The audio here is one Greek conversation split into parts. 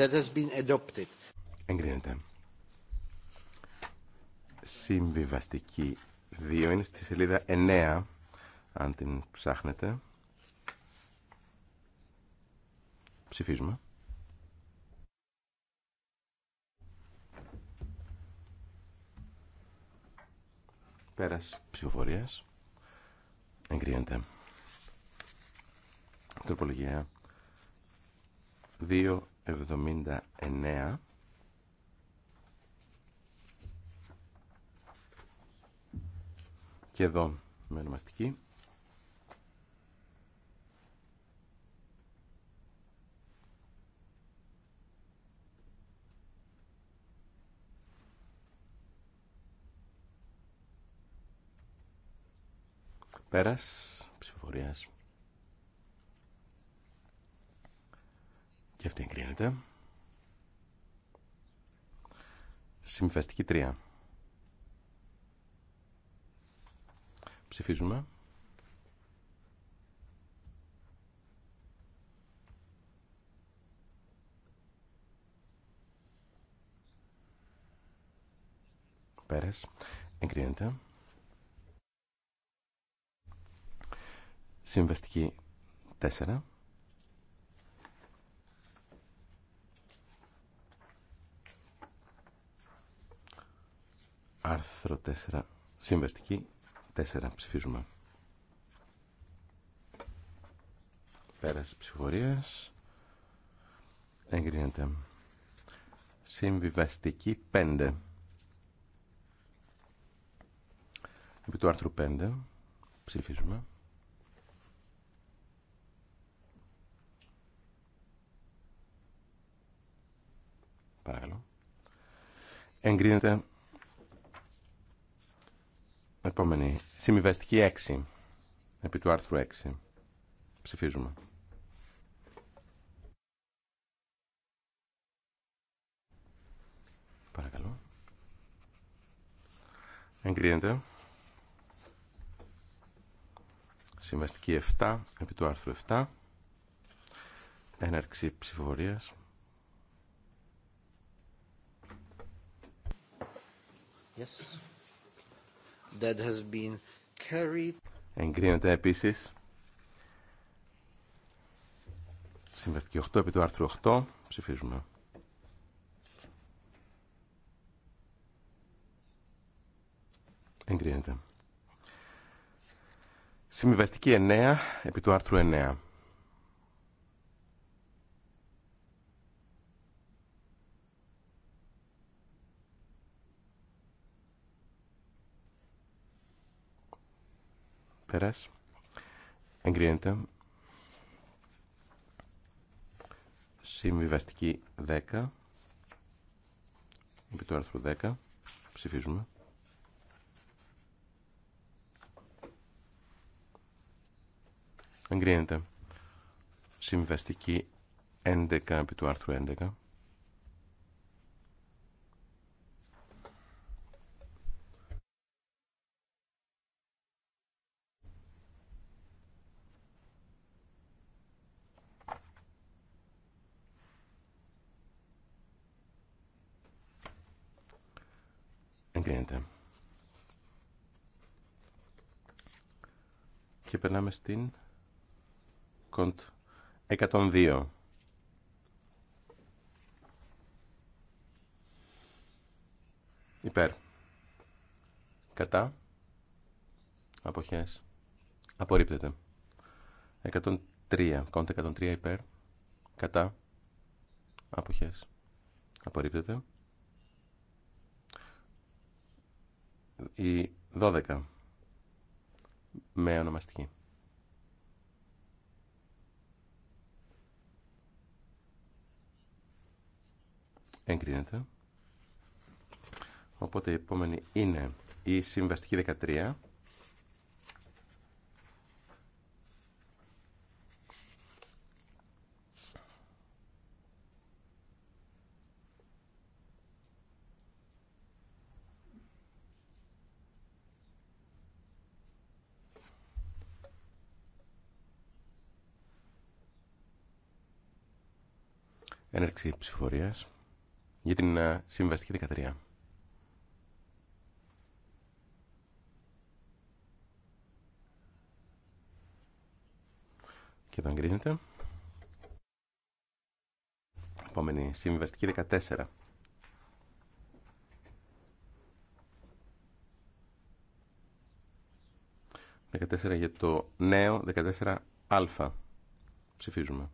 That has been adopted. Εγκρίνεται. Συμβιβαστική 2 είναι στη σελίδα 9, αν την ψάχνετε. Ψηφίζουμε. Πέρας ψηφοφορίας. Εγκρίνεται. Τροπολογία 2 79 και εδώ με ονομαστική πέρας ψηφοφορίας Και αυτή εγκρίνεται. Συμφεστική τρία. Ψηφίζουμε. Πέρες. Εγκρίνεται. Συμβαστική τέσσερα. Άρθρο 4. Συμβαστική 4. Ψηφίζουμε. Πέραση ψηφορίας. Εγκρίνεται. Συμβιβαστική 5. Επί του άρθρου 5 ψηφίζουμε. Παρακαλώ. Εγκρίνεται Επόμενη. Συμβιβαστική 6. Επί του άρθρου 6. Ψηφίζουμε. Παρακαλώ. Εγκρίνεται. Συμβαστική 7. Επί του άρθρου 7. Έναρξη ψηφοφορίας. Yes. That has been Εγκρίνεται επίση. συμβαστική 8 επί του άρθρου 8. Ψηφίζουμε. Εγκρίνεται. Συμβιβαστική 9 επί του άρθρου 9. Πέρας. Εγκρίνεται. Συμβιβαστική 10. Επί του άρθρου 10. Ψηφίζουμε. Εγκρίνεται. Συμβιβαστική 11 επί του άρθρου 11. Και περνάμε στην κοντ 102. Υπέρ. Κατά. Αποχές. Απορρίπτεται. 103. Κόντε 103 υπέρ. Κατά. Αποχές. Απορρίπτεται. η 12 με ονομαστική. Εγκρίνεται. Οπότε η επόμενη είναι η συμβαστική 13 Έναρξη ψηφορία για την ε, συμβαστική 13. Και εδώ εγκρίνεται. Επόμενη συμβαστική 14. 14 για το νέο 14α. Ψηφίζουμε.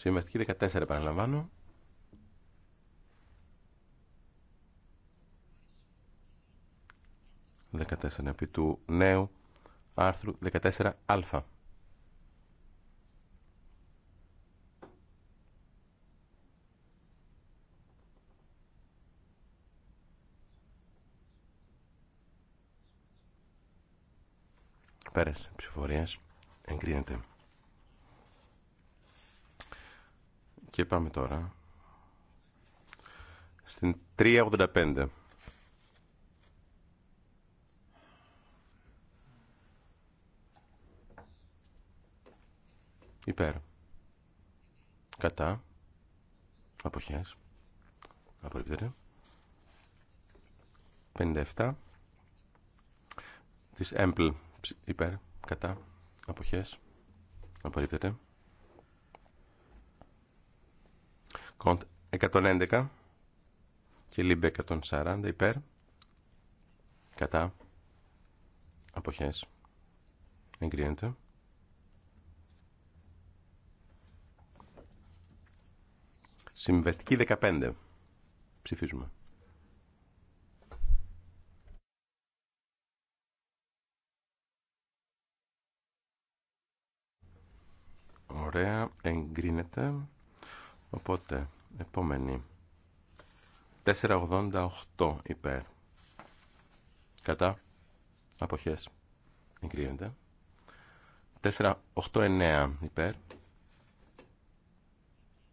Συμβαστική 14 επαναλαμβάνω. Δεκατέσσερα επί του νέου άρθρου 14α. Πέρασε ψηφορίας. Εγκρίνεται. Και πάμε τώρα στην 385. Υπέρ. Κατά. Αποχές. Απορρίπτεται. 57. Της έμπλ. Υπέρ. Κατά. Αποχές. Απορρίπτεται. Κοντ 111 και λίμπε 140 υπέρ. Κατά. Αποχές. Εγκρίνεται. Συμβεστική 15. Ψηφίζουμε. Ωραία, εγκρίνεται. Οπότε, επόμενη. 488 υπέρ. Κατά. Αποχές. Εγκρίνεται. 489 υπέρ.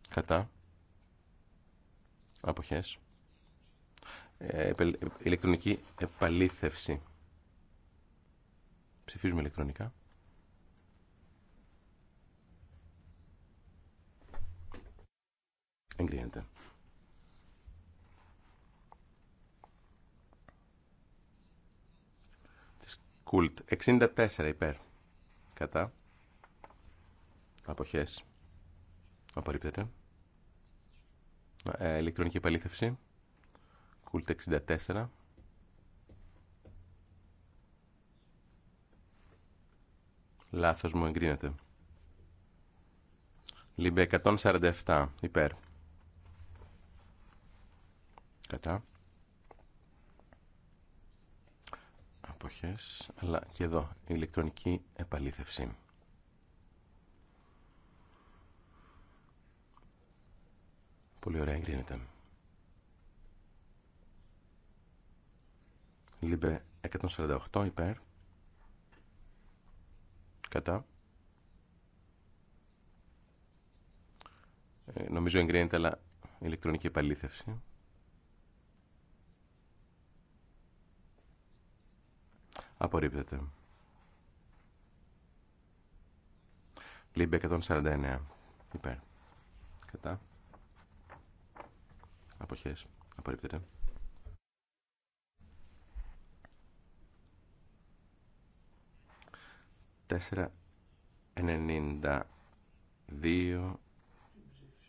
Κατά. Αποχές. Ε, ηλεκτρονική επαλήθευση. Ψηφίζουμε ηλεκτρονικά. Εγκρίνεται. Κουλτ. 64 υπέρ. Κατά. Αποχές. Απορρίπτεται. Ε, ηλεκτρονική επαλήθευση. Κουλτ 64. Λάθος μου εγκρίνεται. Λίμπε 147 υπέρ κατά αποχές αλλά και εδώ η ηλεκτρονική επαλήθευση πολύ ωραία εγκρίνεται Λίμπε 148 υπέρ κατά ε, νομίζω εγκρίνεται αλλά ηλεκτρονική επαλήθευση Απορρίπτεται. Λίμπε 149. Υπέρ. Κατά. Αποχές. Απορρίπτεται. Τέσσερα ενενήντα δύο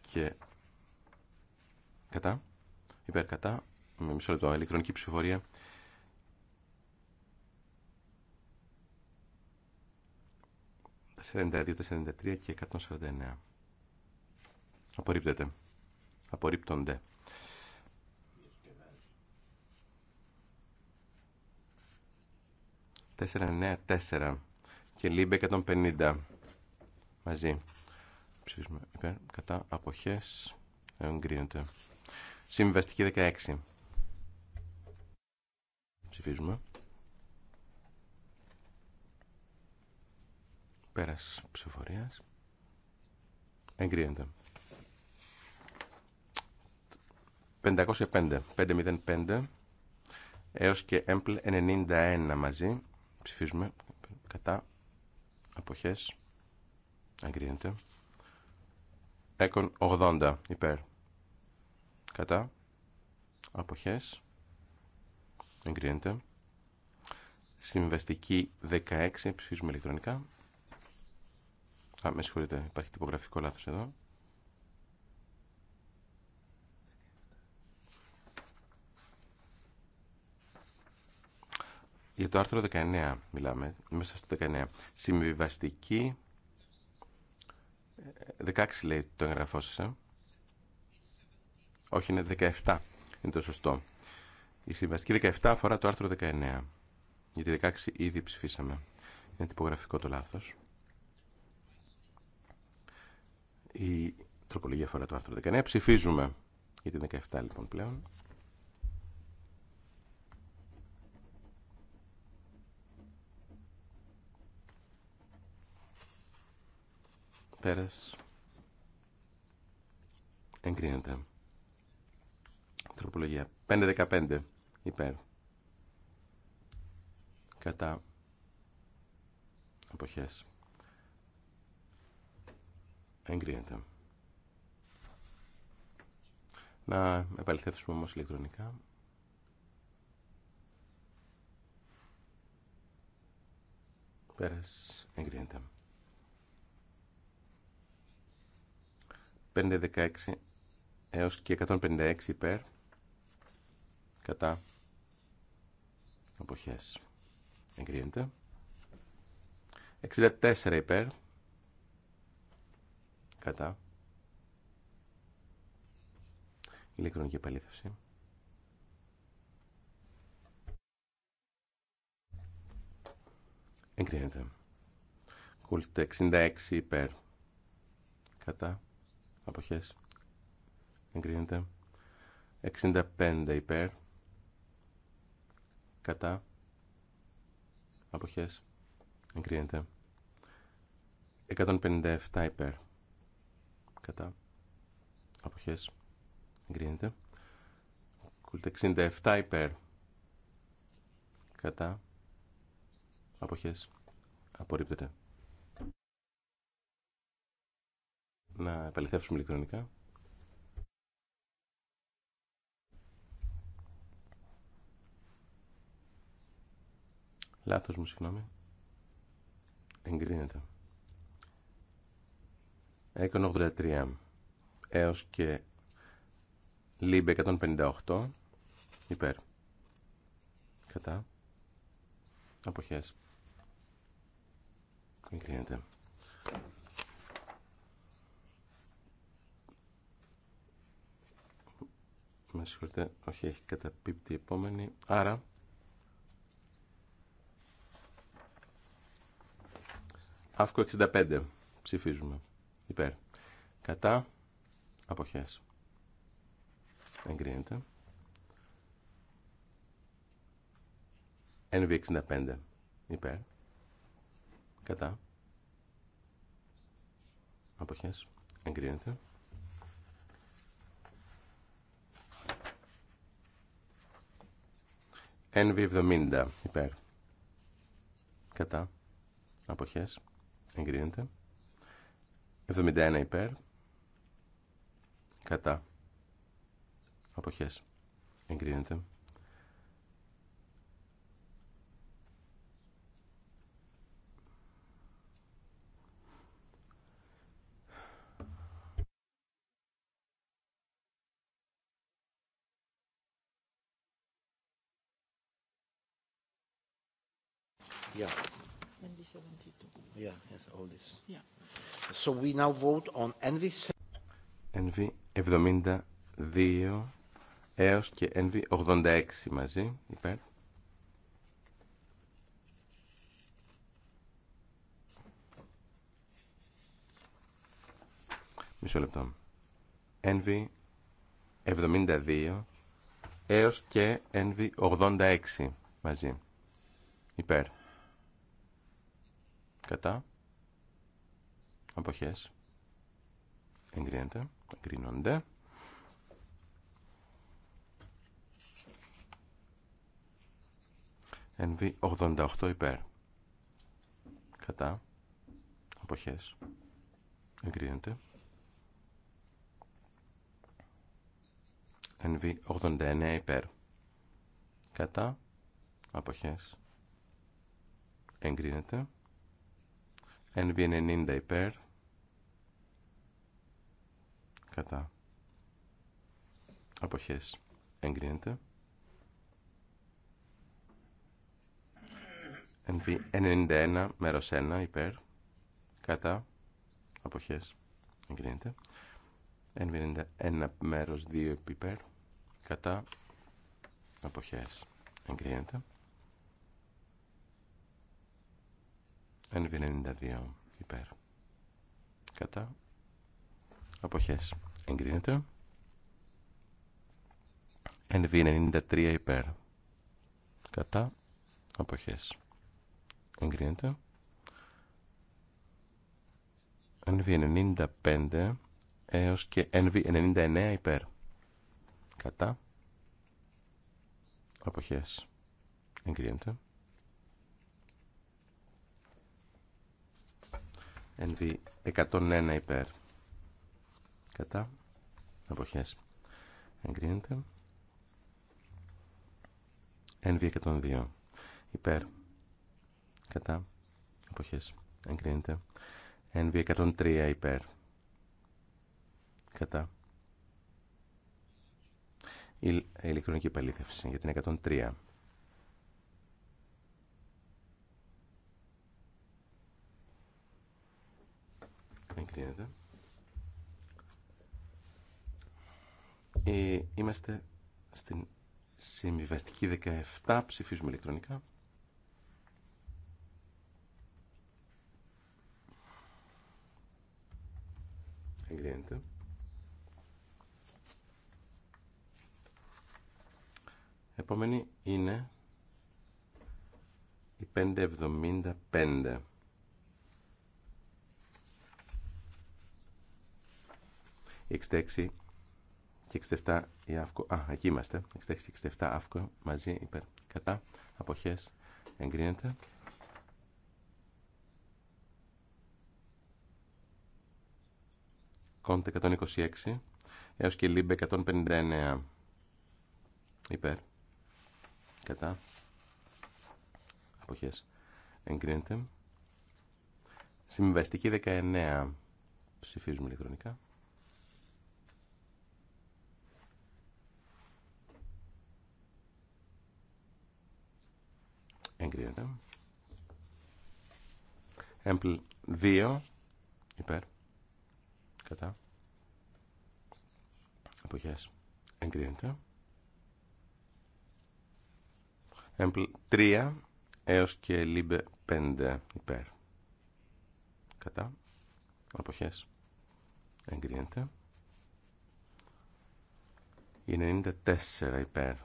και κατά. Υπέρ κατά. Με μισό λεπτό. Ηλεκτρονική ψηφοφορία. 42, 43 και 149. Απορρίπτεται. Απορρίπτονται. Τέσσερα, νέα, τέσσερα. Και λίμπε 150. Μαζί. Ψηφίζουμε. υπέρ, κατά, αποχές. Εγκρίνεται. Συμβαστική 16. Ψηφίζουμε. Πέρας ψηφορίας. Εγκρίνεται. 505, 505 έως και έμπλ 91 μαζί. Ψηφίζουμε κατά αποχές. Εγκρίνεται. Έκον 80 υπέρ. Κατά. Αποχές. Εγκρίνεται. Συμβαστική 16. Ψηφίζουμε ηλεκτρονικά. Α, με συγχωρείτε, υπάρχει τυπογραφικό λάθος εδώ. Για το άρθρο 19 μιλάμε, μέσα στο 19. Συμβιβαστική, 16 ε, λέει το εγγραφό σας, ε? Όχι, είναι 17, είναι το σωστό. Η συμβαστική 17 αφορά το άρθρο 19, γιατί 16 ήδη ψηφίσαμε. Είναι τυπογραφικό το λάθος. Η τροπολογία αφορά το άρθρο 19. Ψηφίζουμε για την 17 λοιπόν πλέον. Πέρας. Εγκρίνεται. Τροπολογία 5-15 υπέρ. Κατά αποχές εγκρίνεται. Να επαληθεύσουμε όμως ηλεκτρονικά. Πέρας εγκρίνεται. 516 έως και 156 υπέρ κατά εποχές εγκρίνεται. 64 υπέρ Κατά. Ηλεκτρονική επαλήθευση. Εγκρίνεται. Κούλτ 66 υπέρ. Κατά. Αποχές. Εγκρίνεται. 65 υπέρ. Κατά. Αποχές. Εγκρίνεται. 157 υπέρ κατά αποχές εγκρίνεται 67 υπέρ κατά αποχές απορρίπτεται να επαληθεύσουμε ηλεκτρονικά λάθος μου συγγνώμη εγκρίνεται 183 έως και λίμπε 158 υπέρ κατά αποχές εγκρίνεται Με συγχωρείτε, όχι έχει καταπίπτει η επόμενη, άρα αύκο 65 ψηφίζουμε υπέρ κατά αποχές εγκρίνεται NV65 υπέρ κατά αποχές εγκρίνεται NV70 υπέρ κατά αποχές εγκρίνεται 71 υπέρ. Κατά. Αποχές. Εγκρίνεται. Yeah. NV72. Yeah, yes, all this. Yeah. So we now vote on NV... NV 72 έως και NV 86 μαζί, υπέρ. Μισό λεπτό. NV 72 έως και NV 86 μαζί, υπέρ κατά αποχές εγκρίνεται, εγκρίνονται. NV88 υπέρ. Κατά. Αποχές. Εγκρίνεται. NV89 υπέρ. Κατά. Αποχές. Εγκρίνεται. NB90 υπέρ. Κατά. Αποχές. Εγκρίνεται. NV91 μέρος 1 υπέρ. Κατά. Αποχές. Εγκρίνεται. NV91 μέρος 2 υπέρ. Κατά. Αποχές. Εγκρίνεται. NV92 υπέρ. Κατά. Αποχές. Εγκρίνεται. NV93 υπέρ. Κατά. Αποχές. Εγκρίνεται. NV95 έως και NV99 υπέρ. Κατά. Αποχές. Εγκρίνεται. NV 101 υπέρ. Κατά. Αποχές. Εγκρίνεται. NV 102 υπέρ. Κατά. Αποχές. Εγκρίνεται. NV 103 υπέρ. Κατά. Η ηλεκτρονική επαλήθευση για την 103. εγκρίνεται. Ε, είμαστε στην συμβιβαστική 17, ψηφίζουμε ηλεκτρονικά. Εγκρίνεται. Επόμενη είναι η 575. 66 και 67 η αύκο. Α, εκεί είμαστε. 66 και 67 αύκο μαζί υπέρ. Κατά. Αποχέ Εγκρίνεται. Κόντ 126 έως και λίμπε 159 υπέρ. Κατά. Αποχές. Εγκρίνεται. Συμβαστική 19. Ψηφίζουμε ηλεκτρονικά. εγκρίνεται. Έμπλ 2 υπέρ κατά αποχές εγκρίνεται. Έμπλ 3 έως και λίμπε 5 υπέρ κατά αποχές εγκρίνεται. Η 94 υπέρ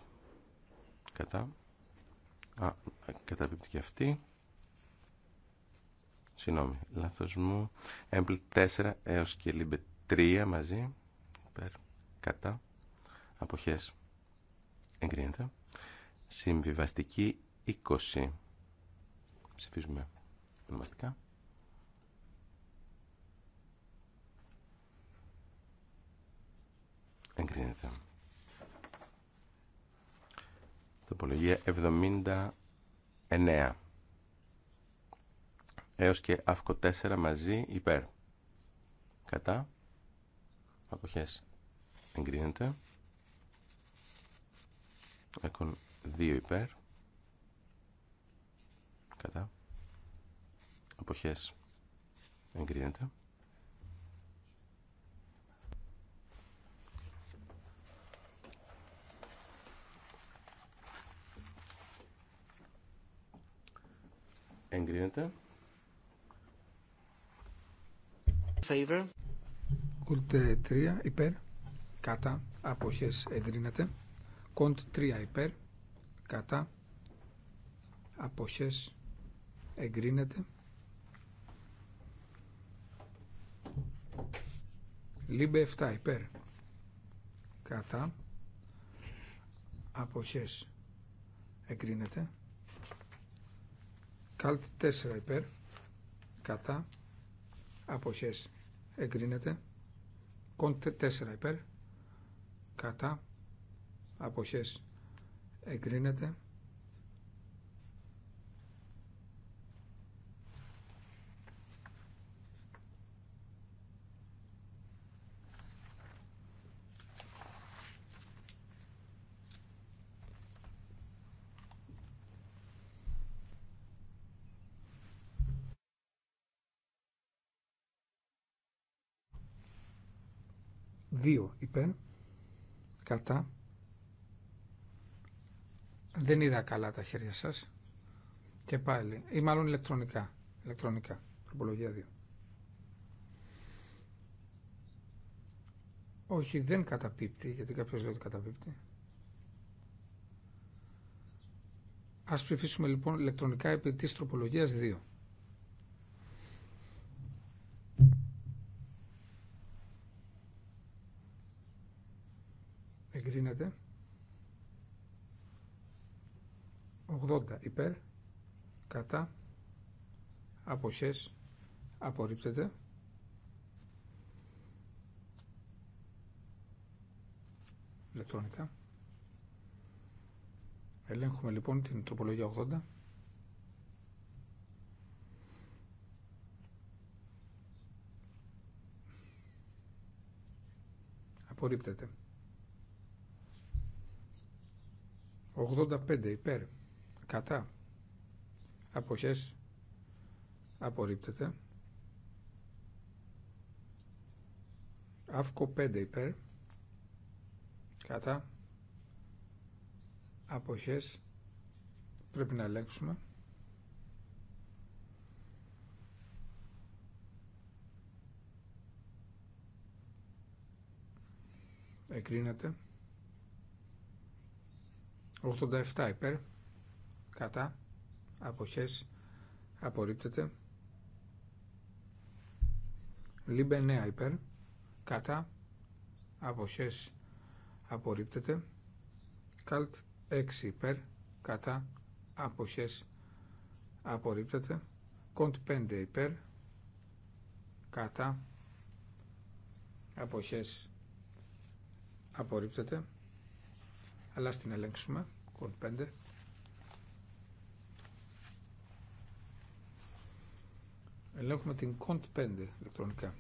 κατά Α, καταπίπτει αυτή. Συγγνώμη, λάθος μου. Έμπλ 4 έω και λίμπε 3 μαζί. Υπέρ, κατά. αποχέ. Εγκρίνεται. Συμβιβαστική 20. Ψηφίζουμε ονομαστικά. Εγκρίνεται. Τοπολογία 79 έως και αύκο 4 μαζί υπέρ. Κατά. Αποχές εγκρίνεται. έχουν 2 υπέρ. Κατά. Αποχές εγκρίνεται. Εγκρίνεται. Favor. Κουλτ 3 υπέρ. Κατά. Αποχές εγκρίνεται. Κοντ 3 υπέρ. Κατά. Αποχές εγκρίνεται. Λίμπε 7 υπέρ. Κατά. Αποχές εγκρίνεται. Καλτ 4 υπέρ. Κατά. Αποχές. Εγκρίνεται. Κοντ 4 υπέρ. Κατά. Αποχές. Εγκρίνεται. Δύο υπέρ κατά δεν είδα καλά τα χέρια σας και πάλι ή μάλλον ηλεκτρονικά ηλεκτρονικά τροπολογία 2 όχι δεν καταπίπτει γιατί κάποιος λέει ότι καταπίπτει ας ψηφίσουμε λοιπόν ηλεκτρονικά επί της τροπολογίας 2 80 υπέρ κατά αποχές απορρίπτεται ηλεκτρονικά ελέγχουμε λοιπόν την τροπολογία 80 απορρίπτεται 85 υπέρ κατά αποχές απορρίπτεται αύκο 5 υπέρ κατά αποχές πρέπει να ελέγξουμε εκρίνεται 87 υπέρ κατά αποχές απορρίπτεται λίμπε 9 υπέρ κατά αποχές απορρίπτεται καλτ 6 υπέρ κατά αποχές απορρίπτεται κοντ 5 υπέρ κατά αποχές απορρίπτεται αλλά στην ελέγξουμε Κον 5. Ελέγχουμε την Κοντ 5 ηλεκτρονικά.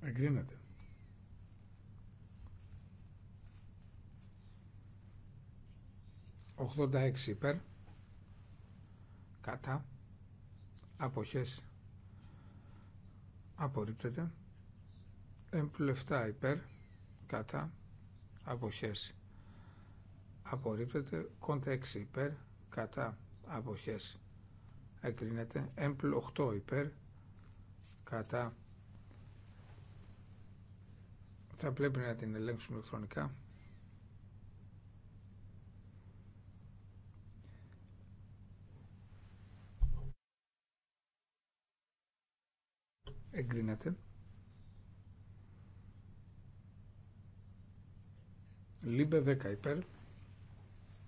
Εγκρίνεται. Οχτώντα έξι υπέρ. Κατά. Αποχές. Απορρίπτεται. 7 υπέρ κατά αποχές απορρίπτεται κοντά 6 υπέρ κατά αποχές εκρίνεται έμπλου 8 υπέρ κατά θα πρέπει να την ελέγξουμε ηλεκτρονικά εγκρίνεται Λίμπε 10 υπέρ.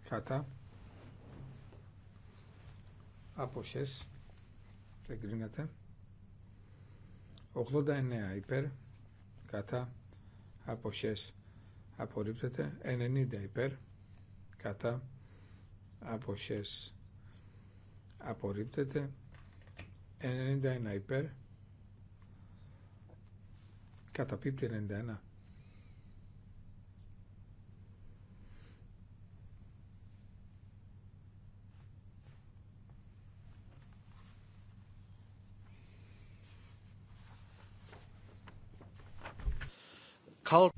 Κατά. Αποχές. Εγκρίνεται. 89 υπέρ. Κατά. Αποχές. Απορρίπτεται. 90 υπέρ. Κατά. Αποχές. Απορρίπτεται. 91 υπέρ. Καταπίπτει 91. Καλτ.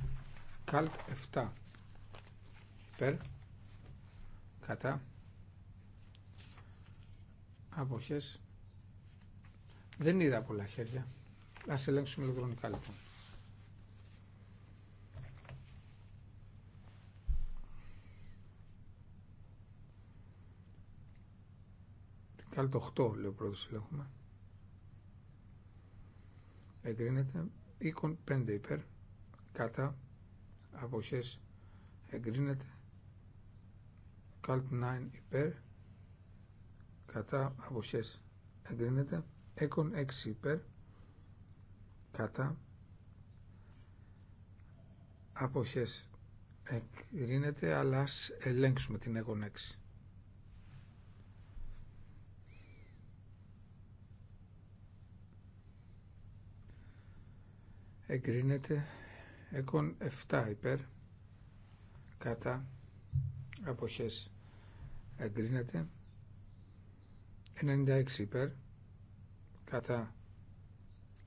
7. Περ. Κατά. Αποχές. Δεν είδα πολλά χέρια. Ας ελέγξουμε ηλεκτρονικά λοιπόν. Καλτ 8 λέει ο πρώτος ελέγχουμε. Εγκρίνεται. Οίκον 5 υπέρ κατά αποχές εγκρίνεται καλπ 9 υπέρ κατά αποχές εγκρίνεται έκον 6 υπέρ κατά αποχές εγκρίνεται αλλά ας ελέγξουμε την έκον 6 εγκρίνεται Εκον 7 υπέρ κατά αποχές εγκρίνεται 96 υπέρ κατά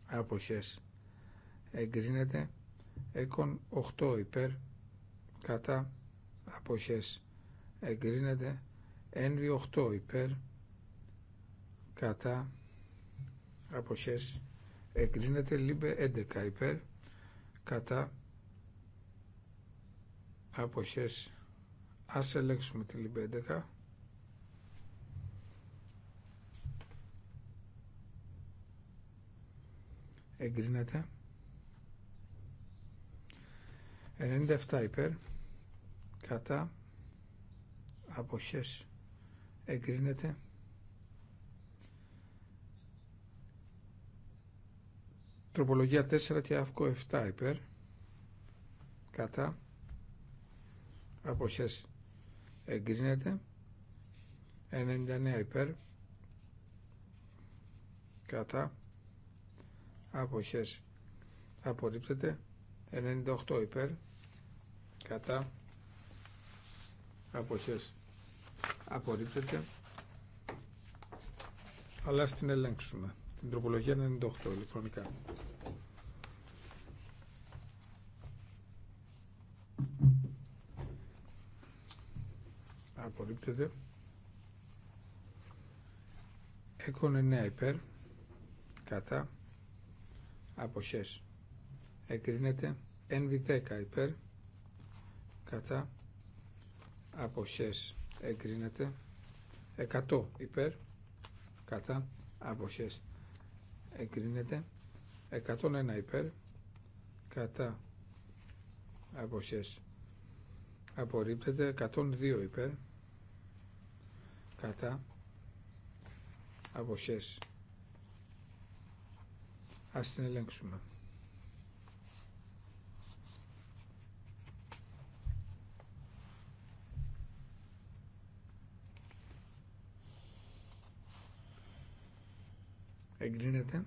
αποχές εγκρίνεται Εκον 8 υπέρ κατά αποχές εγκρίνεται ένβι 8 υπέρ κατά αποχές εγκρίνεται λίμπε 11 υπέρ κατά αποχές ας ελέγξουμε τη λιμπέντεκα εγκρίνεται 97 υπέρ κατά αποχές εγκρίνεται Τροπολογία 4 και αυκό 7 υπέρ. Κατά. Αποχές εγκρίνεται. 99 υπέρ. Κατά. Αποχές απορρίπτεται. 98 υπέρ. Κατά. Αποχές απορρίπτεται. Αλλά στην ελέγξουμε την τροπολογία 98 ηλεκτρονικά. Απορρίπτεται. Έχουν 9 υπέρ. Κατά. Αποχές. Εγκρίνεται. NV10 υπέρ. Κατά. Αποχές. Εγκρίνεται. 100 υπέρ. Κατά. Αποχές εγκρίνεται 101 υπέρ κατά αποχές απορρίπτεται 102 υπέρ κατά αποχές ας την ελέγξουμε εγκρίνεται.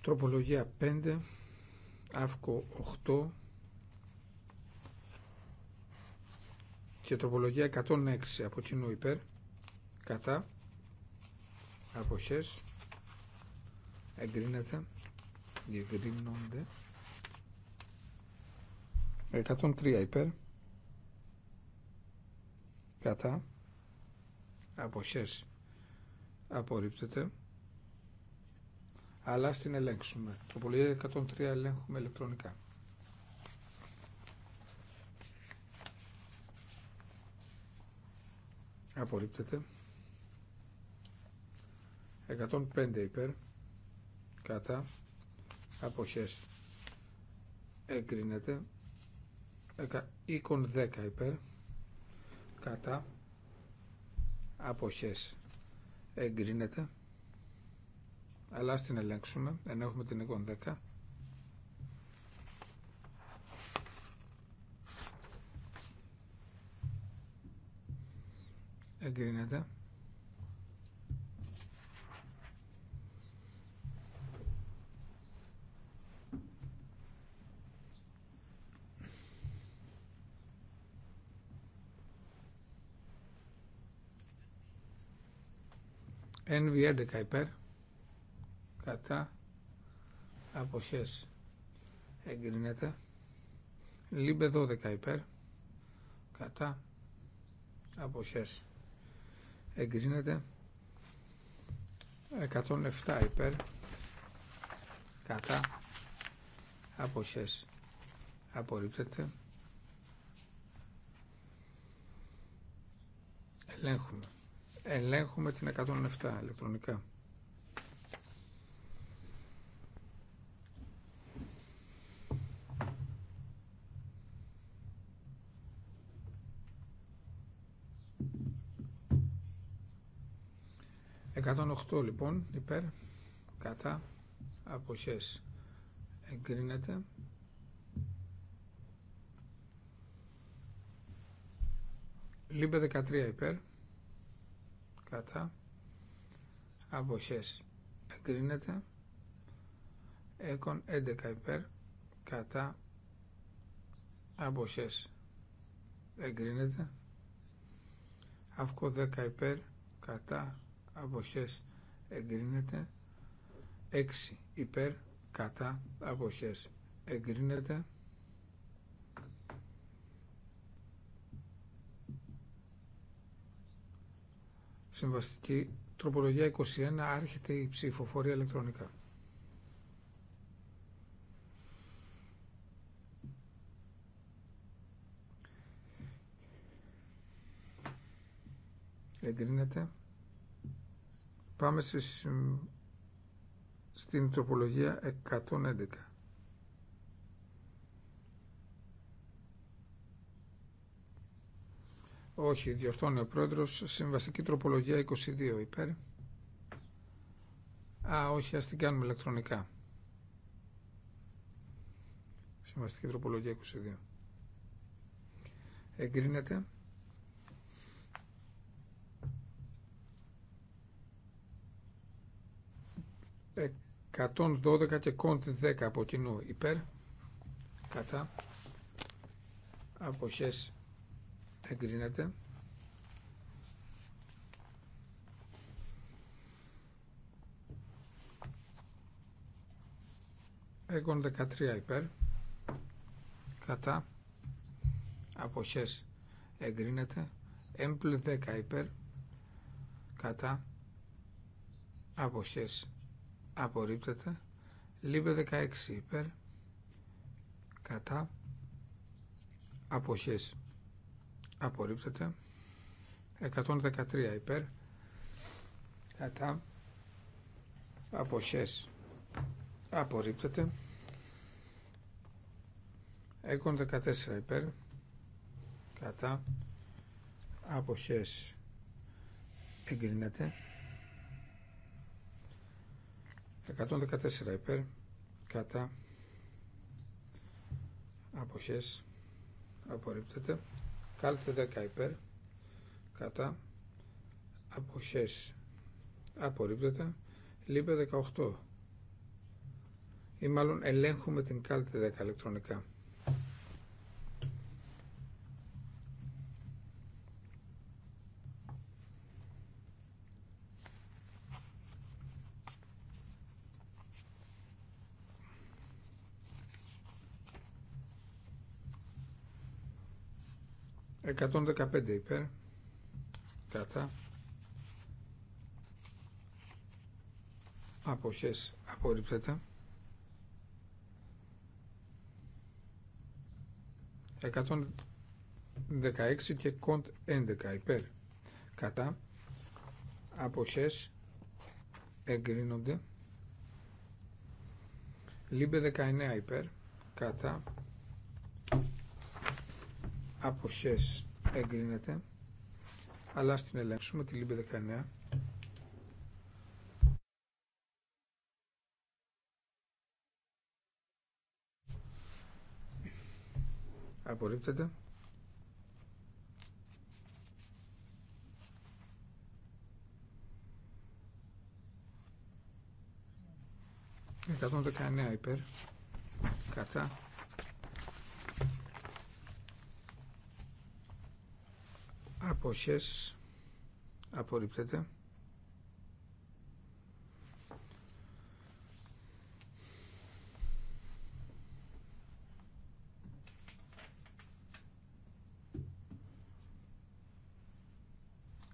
Τροπολογία 5, αύκο 8 και τροπολογία 106 από κοινού υπέρ, κατά, αποχές, εγκρίνεται, εγκρίνονται. 103 υπέρ, κατά, αποχές, απορρίπτεται αλλά στην ελέγξουμε. Το πολύ 103 ελέγχουμε ηλεκτρονικά. Απορρίπτεται. 105 υπέρ. Κατά. Αποχές. Εγκρίνεται. Οίκον 10 υπέρ. Κατά. Αποχές εγκρίνεται αλλά ας την ελέγξουμε ενώ έχουμε την εικόνα 10 εγκρίνεται NV11 υπέρ κατά αποχές εγκρίνεται λίμπε 12 υπέρ κατά αποχές εγκρίνεται 107 υπέρ κατά αποχές απορρίπτεται ελέγχουμε Ελέγχουμε την 107 ηλεκτρονικά. Εκατόν λοιπόν υπέρ κατά αποχές εγκρίνεται. Λίμπε 13 υπέρ κατά αποχές εγκρίνεται έκον 11 υπέρ κατά αποχές εγκρίνεται αυκό 10 υπέρ κατά αποχές εγκρίνεται 6 υπέρ κατά αποχές εγκρίνεται Συμβαστική τροπολογία 21. Άρχεται η ψηφοφορία ηλεκτρονικά. Εγκρίνεται. Πάμε στην τροπολογία 111. Όχι, διορθώνει ο πρόεδρος. Συμβαστική τροπολογία 22 υπέρ. Α, όχι, α την κάνουμε ηλεκτρονικά. Συμβαστική τροπολογία 22. Εγκρίνεται. 112 και κόντ 10 από κοινού υπέρ κατά αποχές εγκρίνεται. Έγκον 13 υπέρ, κατά, αποχές εγκρίνεται. Έμπλ 10 υπέρ, κατά, αποχές απορρίπτεται. Λίβε 16 υπέρ, κατά, αποχές απορρίπτεται 113 υπέρ κατά αποχές απορρίπτεται 114 υπέρ κατά αποχές εγκρίνεται 114 υπέρ κατά αποχές απορρίπτεται κάλτε 10 υπέρ κατά αποχές απορρίπτεται λίπε 18 ή μάλλον ελέγχουμε την κάλτε 10 ηλεκτρονικά 115 υπέρ κατά αποχές απορρίπτεται 116 και κοντ 11 υπέρ κατά αποχές εγκρίνονται λίμπε 19 υπέρ κατά αποχές εγκρίνεται αλλά στην ελέγξουμε τη λίμπη 19 απορρίπτεται Εκατόν δεκαεννέα υπέρ κατά αποχές απορρίπτεται.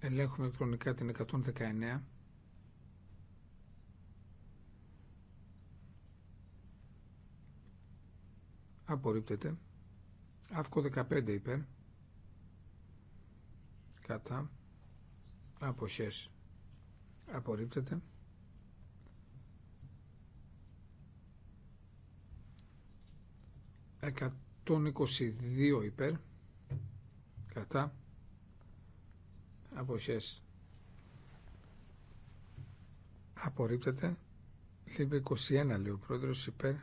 Ελέγχουμε ηλεκτρονικά την 119. Απορρίπτεται. Αύκο 15 υπέρ κατά αποχές απορρίπτεται εκατόν υπέρ κατά αποχές απορρίπτεται Λίγο 21 λέει ο πρόεδρος υπέρ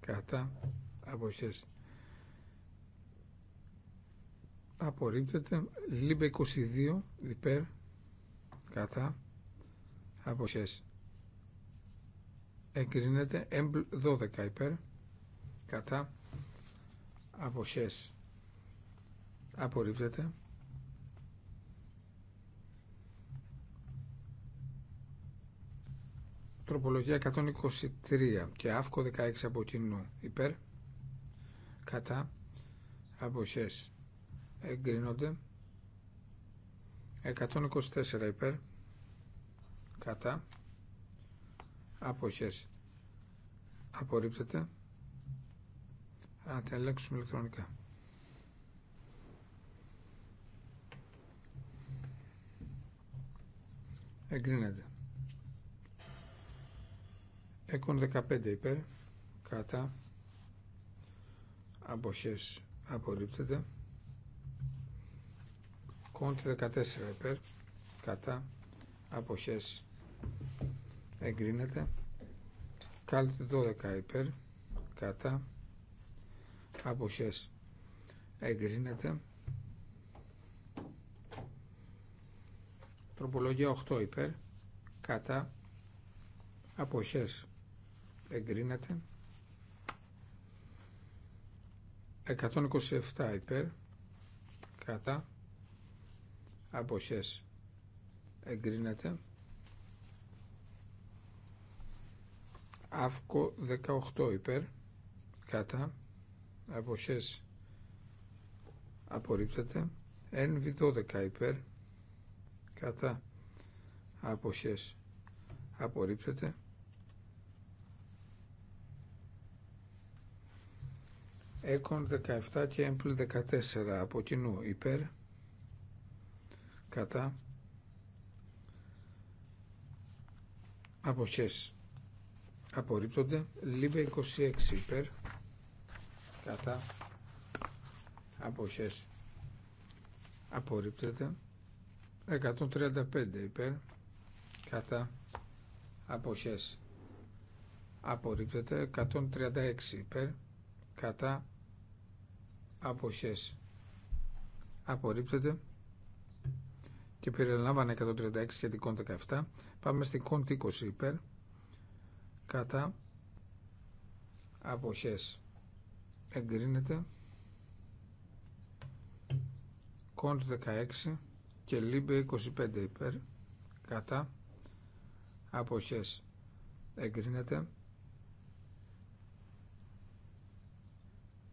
κατά αποχές απορρίπτεται λίμπε 22 υπέρ κατά αποχές εγκρίνεται έμπλ 12 υπέρ κατά αποχές απορρίπτεται τροπολογία 123 και αύκο 16 από κοινού υπέρ κατά αποχές εγκρίνονται 124 υπέρ κατά αποχές απορρίπτεται να τα ελέγξουμε ηλεκτρονικά εγκρίνεται έκον 15 υπέρ κατά αποχές απορρίπτεται Κόντ 14 υπέρ κατά αποχές εγκρίνεται. κάλτι 12 υπέρ κατά αποχές εγκρίνεται. Τροπολογία 8 υπέρ κατά αποχές εγκρίνεται. 127 υπέρ κατά αποχές εγκρίνεται αύκο 18 υπέρ κατά αποχές απορρίπτεται ένβι 12 υπέρ κατά αποχές απορρίπτεται έκον 17 και έμπλ 14 από κοινού υπέρ κατά αποχές απορρίπτονται λίβε 26 υπέρ κατά αποχές απορρίπτεται 135 υπέρ κατά αποχές απορρίπτεται 136 υπέρ κατά αποχές απορρίπτεται και περιλαμβάνε 136 και την 17. Πάμε στην κόντ 20 υπέρ κατά αποχές εγκρίνεται κόντ 16 και λίμπε 25 υπέρ κατά αποχές εγκρίνεται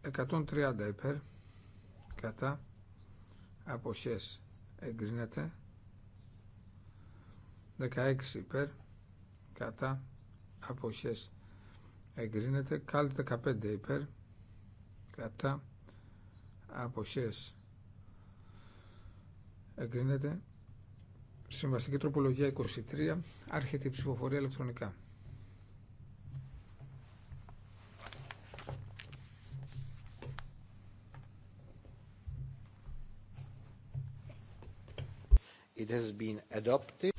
130 υπέρ κατά αποχές εγκρίνεται 16 υπέρ κατά αποχές εγκρίνεται καλ 15 υπέρ κατά αποχές εγκρίνεται συμβαστική τροπολογία 23 άρχεται η ψηφοφορία ηλεκτρονικά It has been adopted.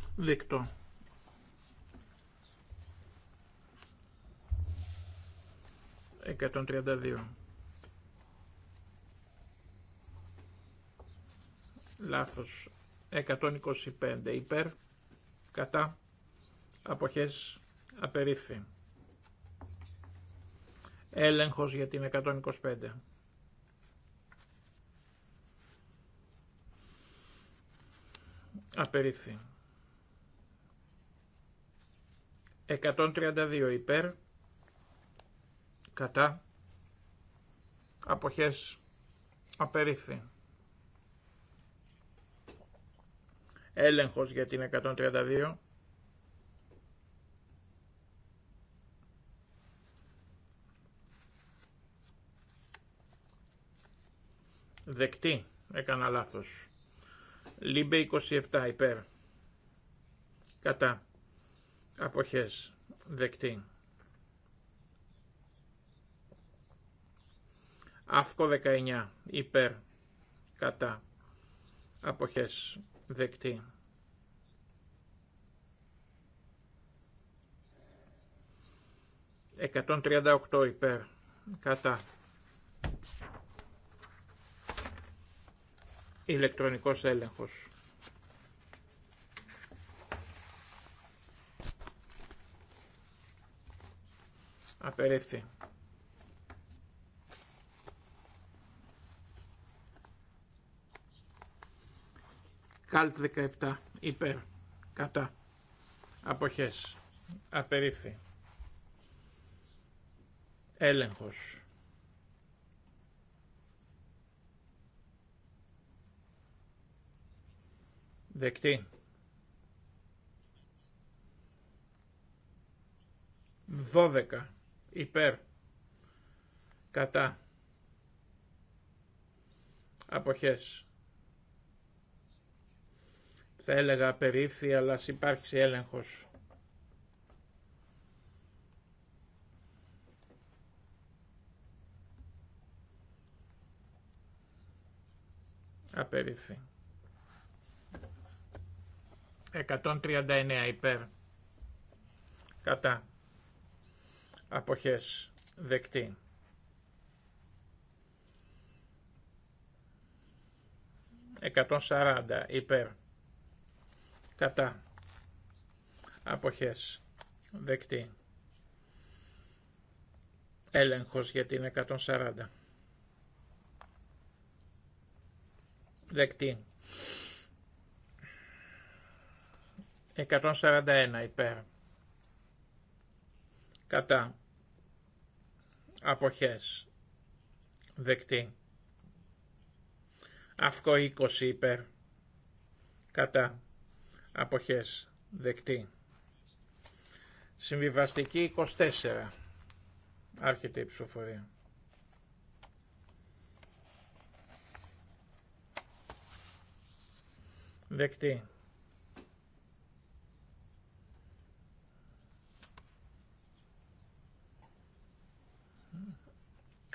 Λάθος. 125, Υπέρ. Κατά. Αποχές. Απερίφθη. Έλεγχος για την 125. Απερίφθη. 132 υπέρ. Κατά. Αποχές. Απερίφθη. Έλεγχος για την 132. Δεκτή. Έκανα λάθος. Λίμπε 27 υπέρ. Κατά. Αποχές. Δεκτή. ΑΦΚΟ 19 υπέρ. Κατά. Αποχές. Δεκτή. Εκατόν υπέρ. Κατά. Ηλεκτρονικός έλεγχος. Απερίφθη. Κάλτ 17 υπέρ κατά αποχές απερίφθη έλεγχος Δεκτή. Δώδεκα υπέρ κατά αποχές. Θα έλεγα απερίφθη αλλά υπάρξει έλεγχος. Απερίφθη. 139 υπέρ. Κατά. Αποχές. Δεκτή. Εκατόν σαράντα υπέρ. Κατά. Αποχές. Δεκτή. Έλεγχος για την 140. Δεκτή. 141 υπέρ. Κατά. Αποχές. Δεκτή. Αυκό 20 υπέρ. Κατά. Αποχές. Δεκτή. Συμβιβαστική 24. Άρχεται η ψηφοφορία. Δεκτή.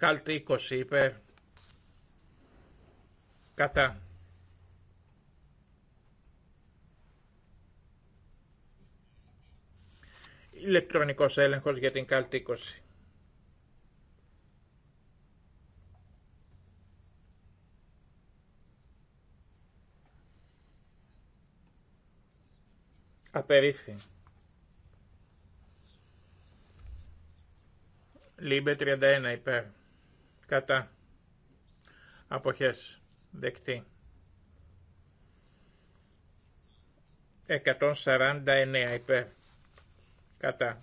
Καλτ 20 υπέρ. Κατά. Ηλεκτρονικός έλεγχος για την Καλτ 20. Απερίφθη. Λίμπε 31 υπέρ κατά αποχές δεκτή. 149 υπέρ κατά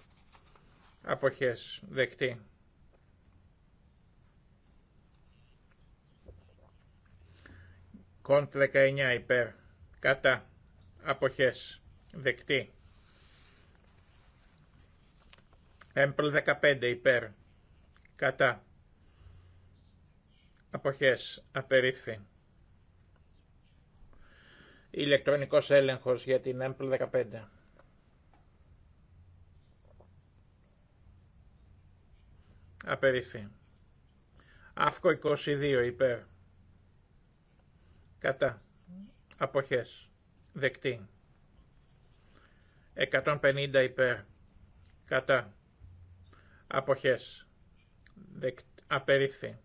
αποχές δεκτή. 19 υπέρ κατά αποχές δεκτή. Έμπλ 15 υπέρ κατά Αποχές. Απερίφθη. Ηλεκτρονικός έλεγχος για την Apple 15. Απερίφθη. Αύκο 22 υπέρ. Κατά. Αποχές. Δεκτή. 150 υπέρ. Κατά. Αποχές. Δεκ... Απερίφθη.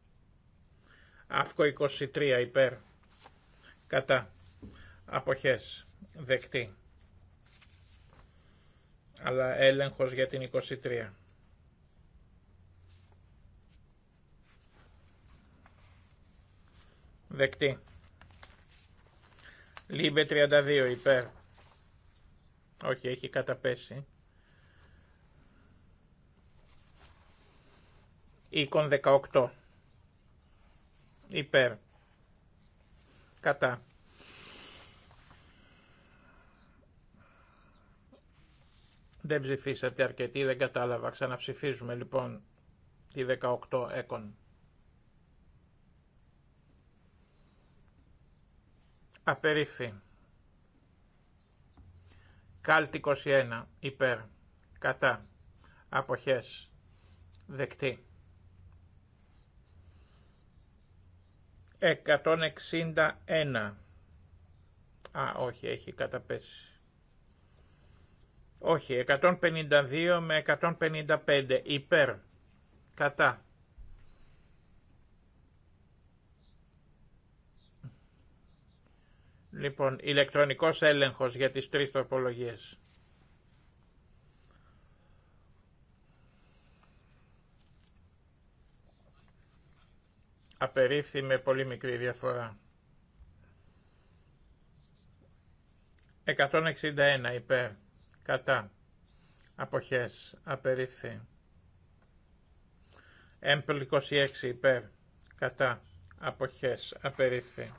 Αύκο 23 υπέρ. Κατά. Αποχές. Δεκτή. Αλλά έλεγχος για την 23. Δεκτή. Λίμπε 32 υπέρ. Όχι, έχει καταπέσει. Οίκον 18 υπέρ, κατά. Δεν ψηφίσατε αρκετοί, δεν κατάλαβα. Ξαναψηφίζουμε λοιπόν τη 18 έκον. Απερίφθη. Κάλτ 21. Υπέρ. Κατά. Αποχές. Δεκτή. 161. Α, όχι, έχει καταπέσει. Όχι, 152 με 155 υπέρ, κατά. Λοιπόν, ηλεκτρονικός έλεγχος για τις τρεις τροπολογίες. απερίφθη με πολύ μικρή διαφορά. 161 υπέρ, κατά, αποχές, απερίφθη. Έμπλ 26 υπέρ, κατά, αποχές, απερίφθη.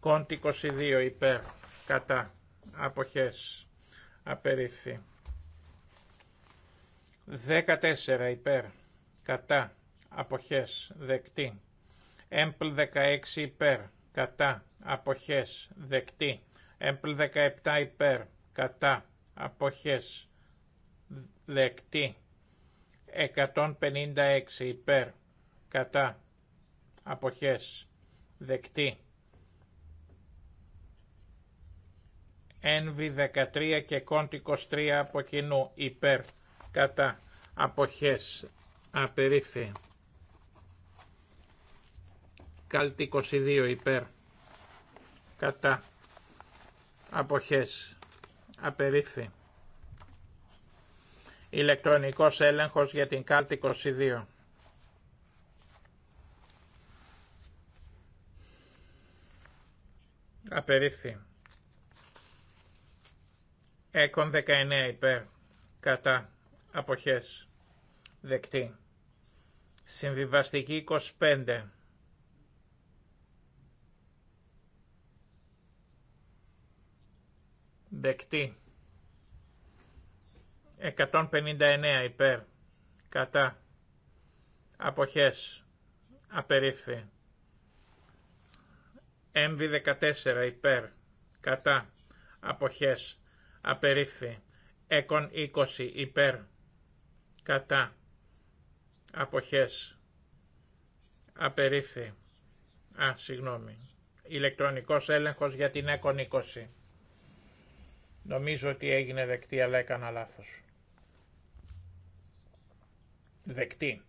Κόντ 22 υπέρ, κατά, αποχές, απερίφθη. 14 υπέρ, κατά, αποχές δεκτή. Έμπλ 16 υπέρ, κατά, αποχές δεκτή. Έμπλ 17 υπέρ, κατά, αποχές δεκτή. 156 υπέρ, κατά, αποχές δεκτή. Ένβι 13 και κόντι 23 από κοινού υπέρ κατά αποχές απερίφθη. Κάλτ 22 υπέρ. Κατά. Αποχές. Απερίφθη. Ηλεκτρονικός έλεγχος για την Κάλτ 22. Απερίφθη. Έκον 19 υπέρ. Κατά. Αποχές. Δεκτή. Συμβιβαστική 25 Δεκτή. 159 υπέρ. Κατά. Αποχές. Απερίφθη. απερίφθη 14 υπέρ. Κατά. Αποχές. Απερίφθη. Έκον 20 υπέρ. Κατά. Αποχές. Απερίφθη. Α, συγγνώμη. Ηλεκτρονικός έλεγχος για την έκον 20. Νομίζω ότι έγινε δεκτή, αλλά έκανα λάθος. Δεκτή.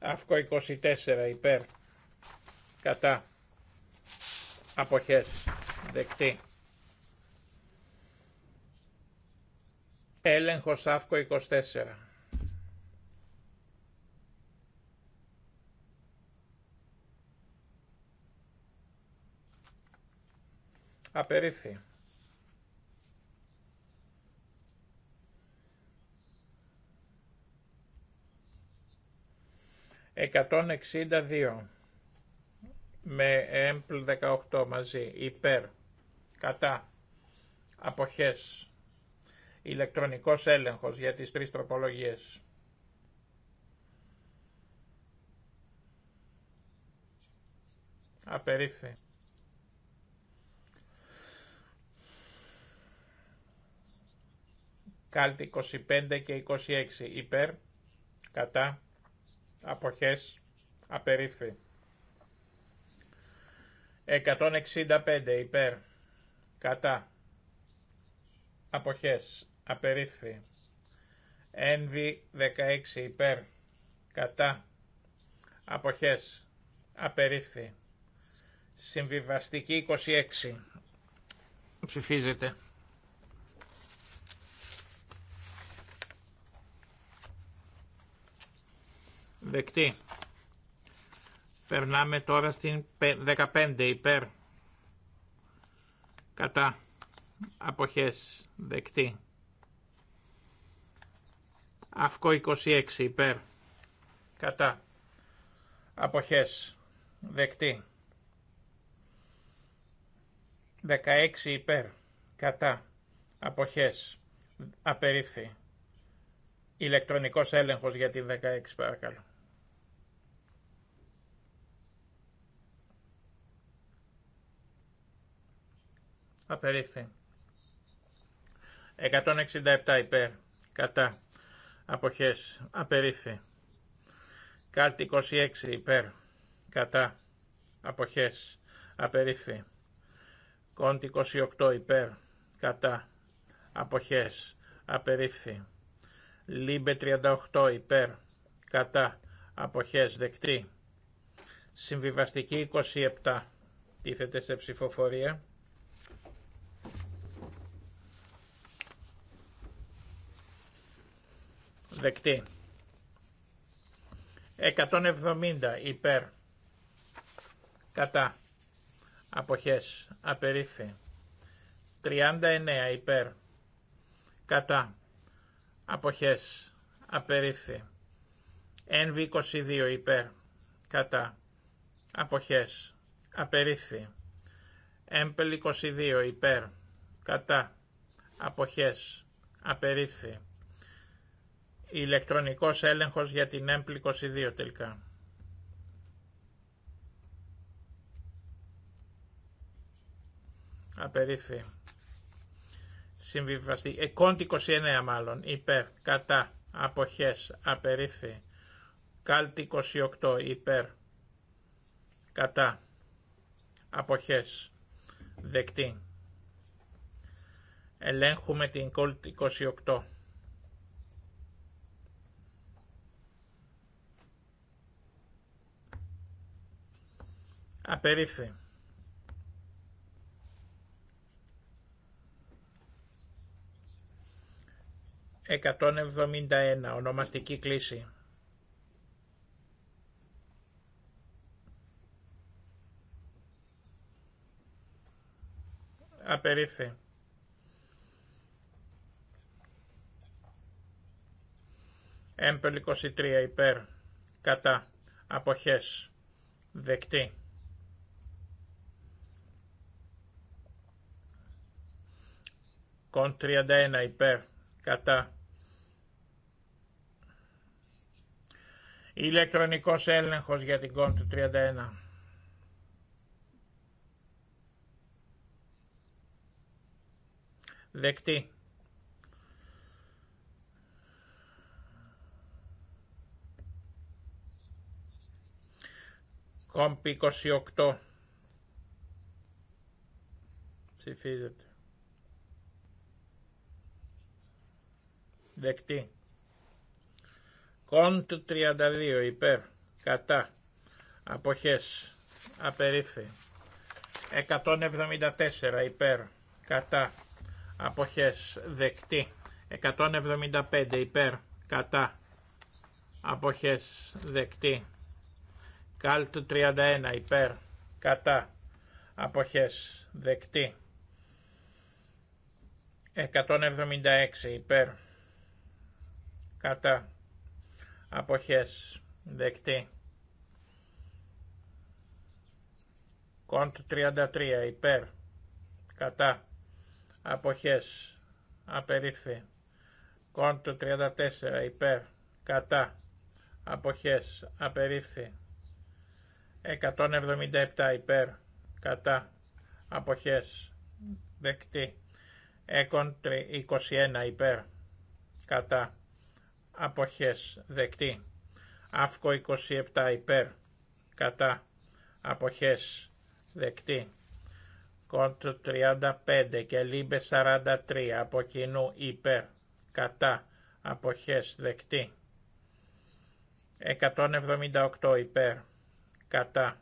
Αύκο 24 υπέρ. Κατά. Αποχές. Δεκτή. Έλεγχος Αύκο 24. Απερίφθη. Εκατόν Με έμπλ 18 μαζί. Υπέρ. Κατά. Αποχές. Ηλεκτρονικός έλεγχος για τις τρεις τροπολογίες. Απερίφθη. Κάλτη 25 και 26 υπέρ, κατά, αποχές, απερίφθη. 165 υπέρ, κατά, αποχές, απερίφθη. ΕΝΒΙ 16 υπέρ, κατά, αποχές, απερίφθη. Συμβιβαστική 26. Ψηφίζεται. Δεκτή. Περνάμε τώρα στην 15 υπέρ. Κατά. Αποχές. Δεκτή. Αυκό 26 υπέρ. Κατά. Αποχές. Δεκτή. 16 υπέρ. Κατά. Αποχές. Απερίφθη. Ηλεκτρονικός έλεγχος για την 16 παρακαλώ. Απερίφθη. 167 υπέρ. Κατά. Αποχές. Απερίφθη. Κάλτ 26 υπέρ. Κατά. Αποχές. Απερίφθη. κόντι 28 υπέρ. Κατά. Αποχές. Απερίφθη. Λίμπε 38 υπέρ. Κατά. Αποχές. Δεκτή. Συμβιβαστική 27. Τίθεται σε ψηφοφορία. Δεκτή. 170 υπέρ. Κατά. Αποχές. Απερίφθη. 39 υπέρ. Κατά. Αποχές. Απερίφθη. NV22 υπέρ. Κατά. Αποχές. ΕΝΒ 22 υπέρ. Κατά. Αποχές. Απερίφθη ηλεκτρονικός έλεγχος για την M22 τελικά. Απερίφθη. Συμβιβαστή. Εκόντι 29 μάλλον. Υπέρ. Κατά. Αποχές. Απερίφθη. Κάλτι 28. Υπέρ. Κατά. Αποχές. Δεκτή. Ελέγχουμε την κόλτ 28. Απερίφθη. Εκατόν εβδομήντα ένα. Ονομαστική κλίση. Απερίφθη. 23 υπέρ κατά αποχές δεκτή Κοντ 31 υπέρ κατά. Ηλεκτρονικός έλεγχος για την Κοντ 31. Δεκτή. Κόμπι 28. Ψηφίζεται. Δεκτή. του 32 υπέρ. Κατά. Αποχές. Απερίφθη. 174 υπέρ. Κατά. Αποχές. Δεκτή. 175 υπέρ. Κατά. Αποχές. Δεκτή. Καλτ 31 υπέρ. Κατά. Αποχές. Δεκτή. 176 υπέρ κατά αποχές δεκτή κοντ 33 υπέρ κατά αποχές απερίφθη κοντ 34 υπέρ κατά αποχές απερίφθη 177 υπέρ κατά αποχές δεκτή έκον 21 υπέρ κατά αποχές δεκτή. Αύκο 27 υπέρ κατά αποχές δεκτή. Κόντ 35 και Λίμπε 43 από κοινού υπέρ κατά αποχές δεκτή. 178 υπέρ κατά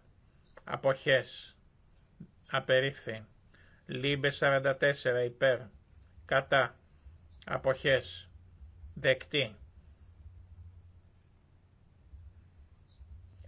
αποχές απερίφθη. Λίμπε 44 υπέρ κατά αποχές δεκτή.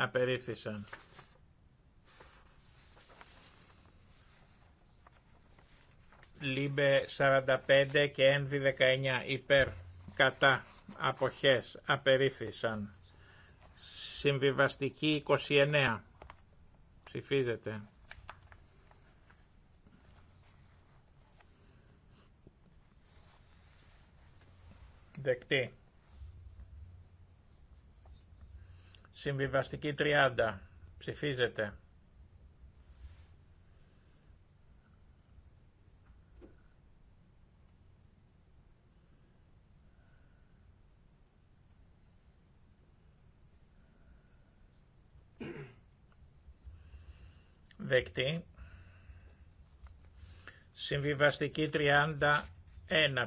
Απερίφθησαν. 45 και ένβι 19 υπέρ, κατά, αποχές, απερίφθησαν. Συμβιβαστική 29. Ψηφίζεται. Δεκτή. Συμβιβαστική 30. Ψηφίζεται. Δεκτή. Συμβιβαστική 31.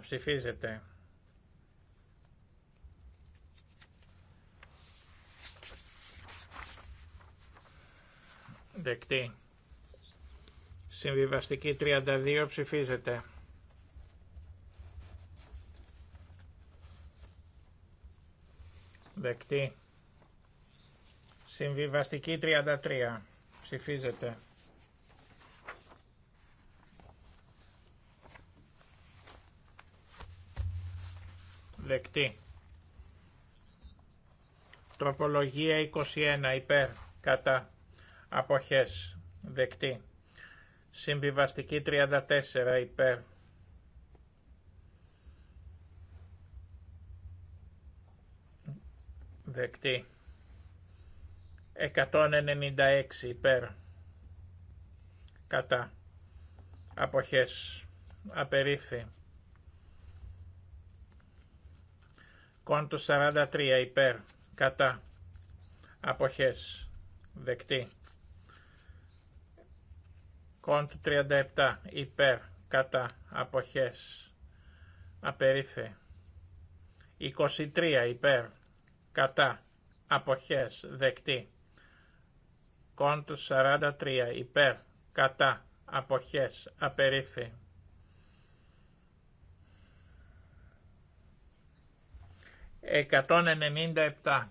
Ψηφίζεται. Δεκτή. Συμβιβαστική 32 ψηφίζεται. Δεκτή. Συμβιβαστική 33 ψηφίζεται. Δεκτή. Τροπολογία 21 υπέρ κατά αποχές, δεκτή. Συμβιβαστική 34 υπέρ. Δεκτή. 196 υπέρ. Κατά. Αποχές. Απερίφθη. Κόντου 43 υπέρ. Κατά. Αποχές. Δεκτή. Κοντ 37 υπέρ κατά αποχές απερίφθη. 23 υπέρ κατά αποχές δεκτή. Κοντ 43 υπέρ κατά αποχές απερίφθη. 197.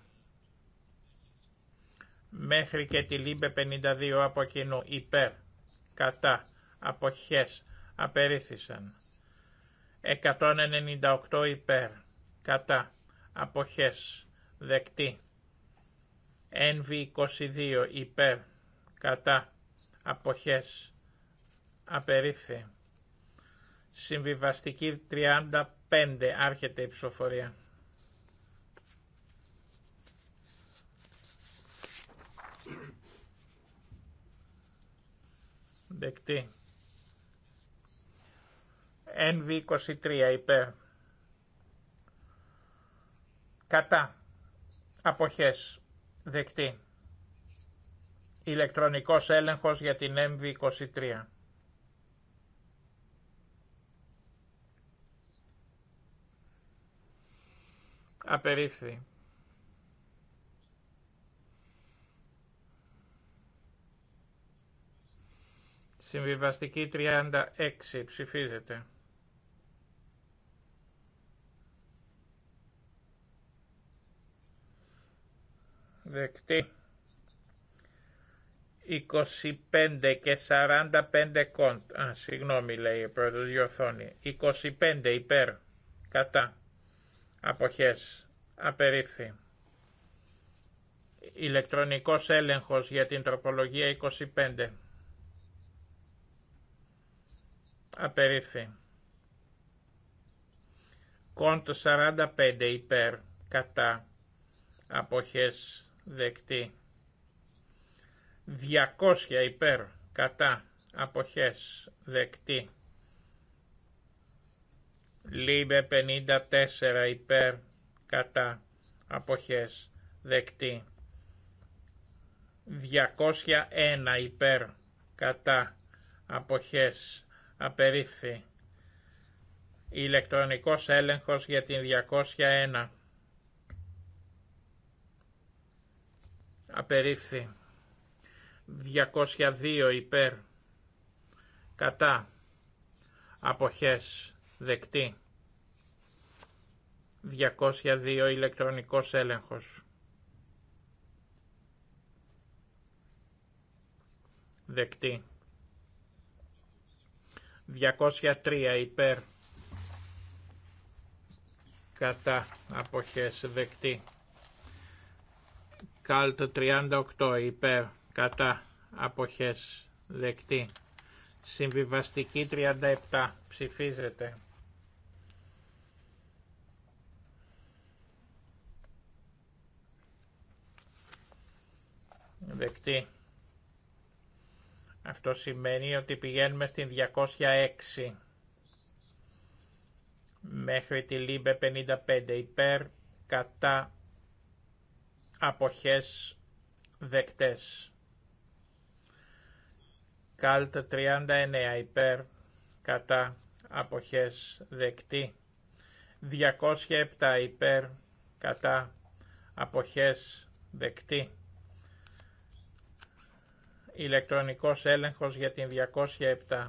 μέχρι και τη Λίμπε 52 από κοινού υπέρ κατά, αποχές, απερίθησαν 198 υπέρ, κατά, αποχές, δεκτή. NV22 υπέρ, κατά, αποχές, απερίφθη. Συμβιβαστική 35, άρχεται η ψηφοφορία. δεκτή. NV23 υπέρ. Κατά. Αποχές. Δεκτή. Ηλεκτρονικός έλεγχος για την nv 23 Απερίφθη. Συμβιβαστική 36 ψηφίζεται. Δεκτή. 25 και 45 κοντ. Α, συγγνώμη λέει ο πρόεδρος διορθώνει. 25 υπέρ. Κατά. Αποχές. Απερίφθη. Ηλεκτρονικός έλεγχος για την τροπολογία 25. Απερίφθη. Κόντο 45 υπέρ κατά αποχές δεκτή. 200 υπέρ κατά αποχές δεκτή. Λίμπε 54 υπέρ κατά αποχές δεκτή. 201 υπέρ κατά αποχές Απερίφθη. Ηλεκτρονικός έλεγχος για την 201. Απερίφθη. 202 υπέρ. Κατά. Αποχές. Δεκτή. 202 ηλεκτρονικός έλεγχος. Δεκτή. 203 υπέρ κατά αποχές δεκτή. Καλτ 38 υπέρ κατά αποχές δεκτή. Συμβιβαστική 37 ψηφίζεται. Δεκτή. Αυτό σημαίνει ότι πηγαίνουμε στην 206 μέχρι τη Λίμπε 55 υπέρ κατά αποχές δεκτές. Καλτ 39 υπέρ κατά αποχές δεκτή. 207 υπέρ κατά αποχές δεκτή ηλεκτρονικός έλεγχος για την 207.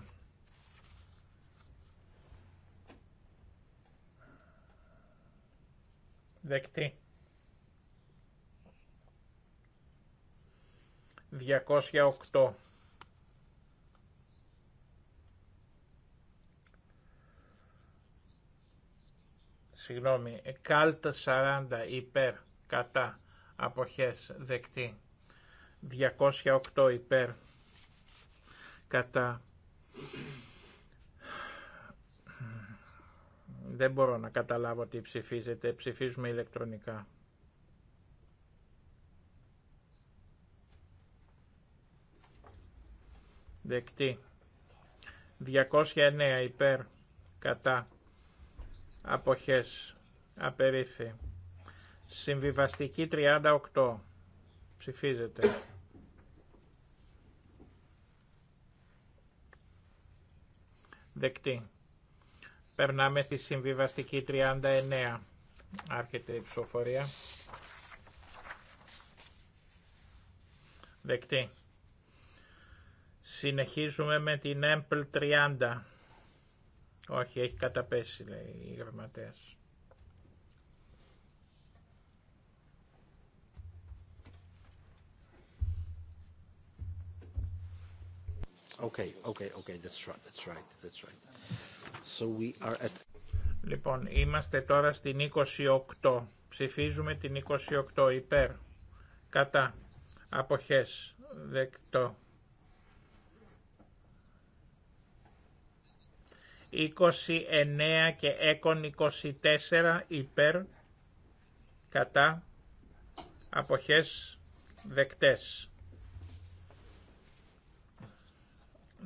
Δεκτή. 208. Συγγνώμη, κάλτ 40 υπέρ κατά αποχές δεκτή. 208 υπέρ κατά δεν μπορώ να καταλάβω τι ψηφίζετε ψηφίζουμε ηλεκτρονικά δεκτή 209 υπέρ κατά αποχές απερίφη συμβιβαστική 38 ψηφίζεται Δεκτή. Περνάμε στη συμβιβαστική 39. Άρχεται η ψηφοφορία. Δεκτή. Συνεχίζουμε με την Apple 30. Όχι, έχει καταπέσει λέει η γραμματέας. Okay, okay, okay, that's right, that's right, that's right. So we are at... Λοιπόν, είμαστε τώρα στην 28. Ψηφίζουμε την 28 υπέρ. Κατά. Αποχές. Δεκτό. 29 και έκον 24 υπέρ. Κατά. Αποχές. Δεκτές.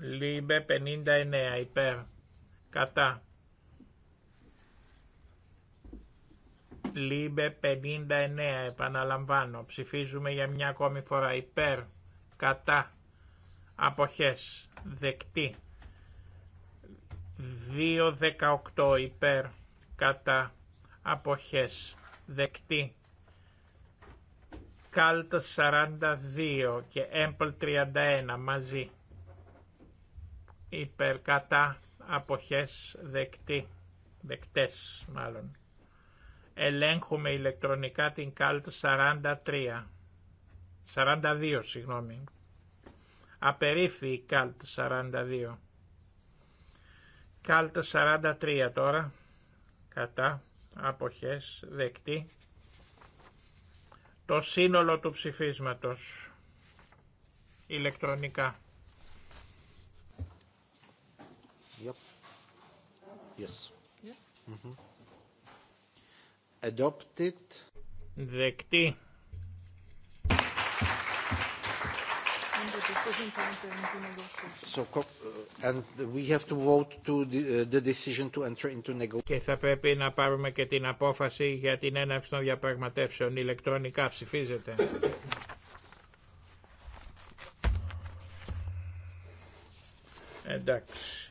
Λίμπε 59 υπέρ. Κατά. Λίμπε 59 επαναλαμβάνω. Ψηφίζουμε για μια ακόμη φορά υπέρ. Κατά. Αποχές. Δεκτή. 2-18 υπέρ. Κατά. Αποχές. Δεκτή. Καλτ 42 και Έμπλ 31 μαζί Υπερκατά αποχές δεκτή, δεκτές μάλλον. Ελέγχουμε ηλεκτρονικά την ΚΑΛΤ 43, 42 συγγνώμη. Απερίφθη η ΚΑΛΤ 42. ΚΑΛΤ 43 τώρα, κατά αποχές δεκτή. Το σύνολο του ψηφίσματος ηλεκτρονικά. Yep. Yes. Yeah. Mm mm-hmm. Δεκτή. Και θα πρέπει να πάρουμε και την απόφαση για την έναρξη των διαπραγματεύσεων. Ηλεκτρονικά ψηφίζεται. Εντάξει.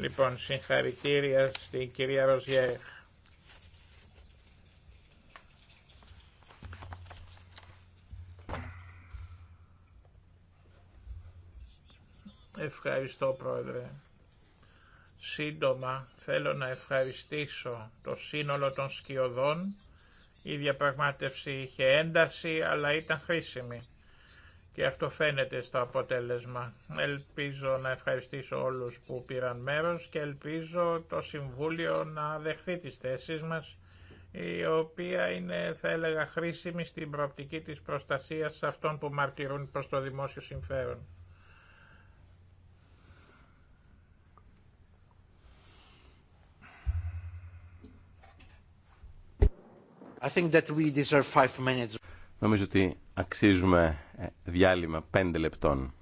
Λοιπόν, συγχαρητήρια στην κυρία Ροζιέχ. Ευχαριστώ Πρόεδρε. Σύντομα θέλω να ευχαριστήσω το σύνολο των σκιωδών. Η διαπραγμάτευση είχε ένταση αλλά ήταν χρήσιμη και αυτό φαίνεται στο αποτέλεσμα. Ελπίζω να ευχαριστήσω όλους που πήραν μέρος και ελπίζω το Συμβούλιο να δεχθεί τις θέσεις μας η οποία είναι θα έλεγα χρήσιμη στην προοπτική της προστασίας αυτών που μαρτυρούν προς το δημόσιο συμφέρον. Νομίζω ότι αξίζουμε ε, διάλειμμα 5 λεπτών.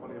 Πολύ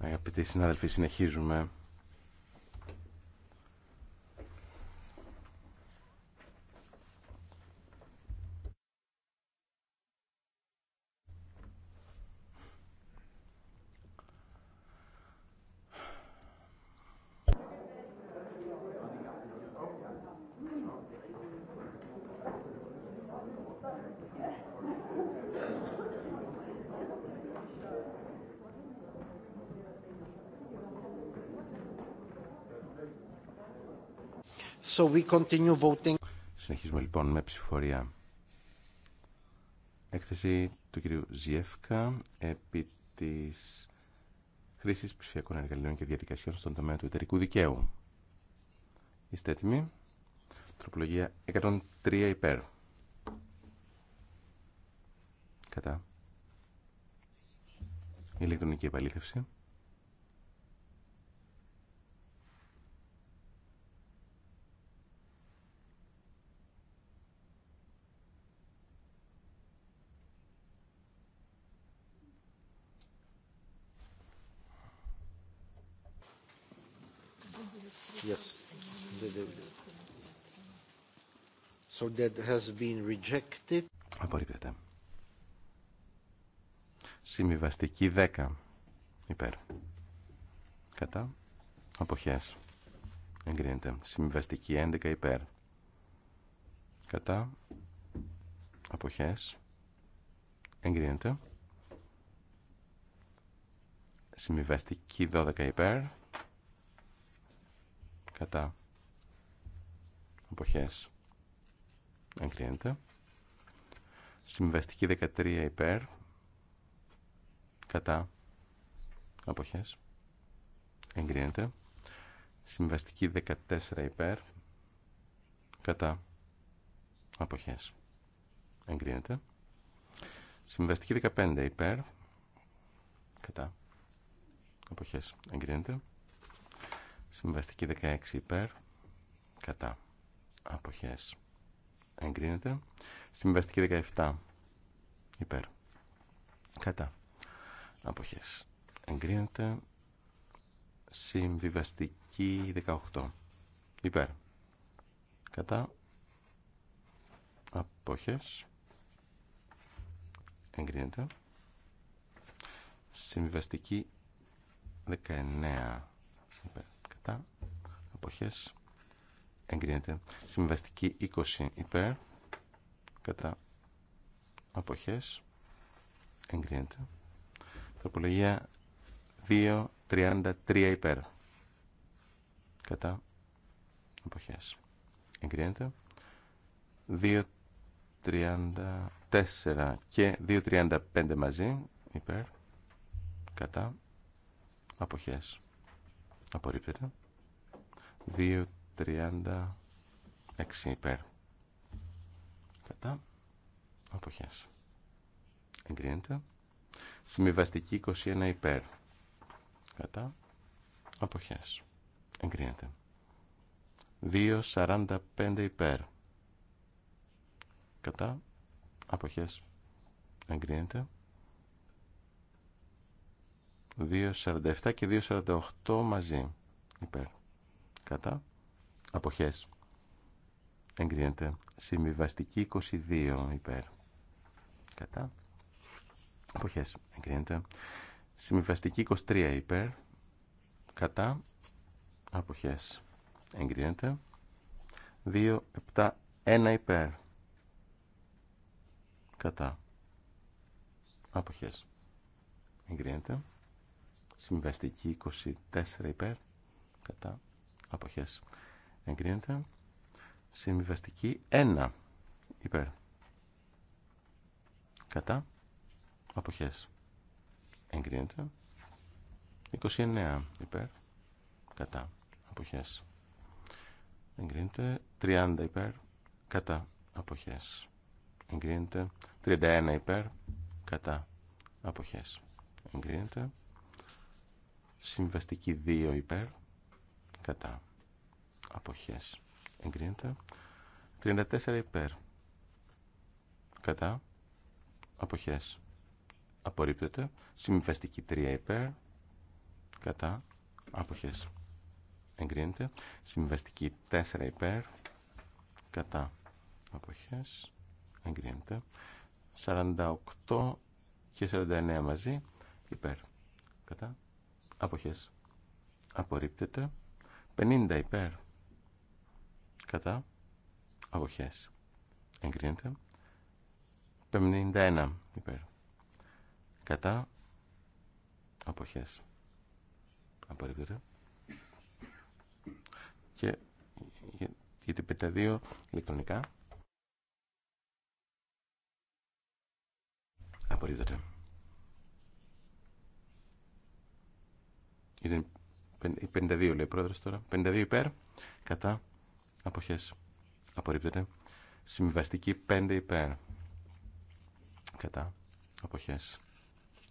Αγαπητοί συνάδελφοι, συνεχίζουμε. Συνεχίζουμε λοιπόν με ψηφορία. Έκθεση του κυρίου Ζιεύκα επί της χρήση ψηφιακών εργαλείων και διαδικασιών στον τομέα του εταιρικού δικαίου. Είστε έτοιμοι. Τροπολογία 103 υπέρ. Κατά. Ηλεκτρονική επαλήθευση. that has Απορρίπτεται. Συμβιβαστική 10. Υπέρ. Κατά. Αποχές. Εγκρίνεται. Συμβιβαστική 11 υπέρ. Κατά. Αποχές. Εγκρίνεται. Συμβιβαστική 12 υπέρ. Κατά. Αποχές εγκρίνεται. Συμβαστική 13 υπέρ, κατά, αποχές, εγκρίνεται. Συμβαστική 14 υπέρ, κατά, αποχές, εγκρίνεται. Συμβαστική 15 υπέρ, κατά, αποχές, εγκρίνεται. Συμβαστική 16 υπέρ, κατά, αποχές, εγκρίνεται. Συμβαστική 17 υπέρ. Κατά. Αποχές. Εγκρίνεται. Συμβιβαστική 18 υπέρ. Κατά. Αποχές. Εγκρίνεται. Συμβιβαστική 19 υπέρ. Κατά. Αποχές εγκρίνεται. Συμβαστική 20 υπέρ, κατά αποχές, εγκρίνεται. Τροπολογία 2.33 υπέρ, κατά αποχές, εγκρίνεται. 2.34 και 2.35 μαζί υπέρ, κατά αποχές, απορρίπτεται. 2, 36 υπέρ. Κατά. Αποχές. Εγκρίνεται. Συμβιβαστική 21 υπέρ. Κατά. Αποχές. Εγκρίνεται. 2.45 υπέρ. Κατά. Αποχές. Εγκρίνεται. 2.47 και 2.48 μαζί. Υπέρ. Κατά. Αποχές. Εγκρίνεται. Συμβιβαστική 22 υπέρ. Κατά. Αποχές. Εγκρίνεται. Συμβιβαστική 23 υπέρ. Κατά. Αποχές. Εγκρίνεται. 2, 7, 1 υπέρ. Κατά. Αποχές. Εγκρίνεται. Συμβαστική 24 υπέρ. Κατά. Αποχές εγκρίνεται. Συμβιβαστική 1 υπέρ. Κατά. Αποχές. Εγκρίνεται. 29 υπέρ. Κατά. Αποχές. Εγκρίνεται. 30 υπέρ. Κατά. Αποχές. Εγκρίνεται. 31 υπέρ. Κατά. Αποχές. Εγκρίνεται. Συμβαστική 2 υπέρ. Κατά αποχές εγκρίνεται 34 υπέρ κατά αποχές απορρίπτεται Συμβαστική 3 υπέρ κατά αποχές εγκρίνεται Συμβαστική 4 υπέρ κατά αποχές εγκρίνεται 48 και 49 μαζί υπέρ κατά αποχές απορρίπτεται 50 υπέρ κατά αποχές εγκρίνεται 51 υπέρ κατά αποχές απορρίπτεται και για την 52 ηλεκτρονικά απορρίπτεται ήταν 52 λέει ο πρόεδρος τώρα 52 υπέρ κατά αποχές απορρίπτεται συμβιβαστική 5 υπέρ κατά αποχές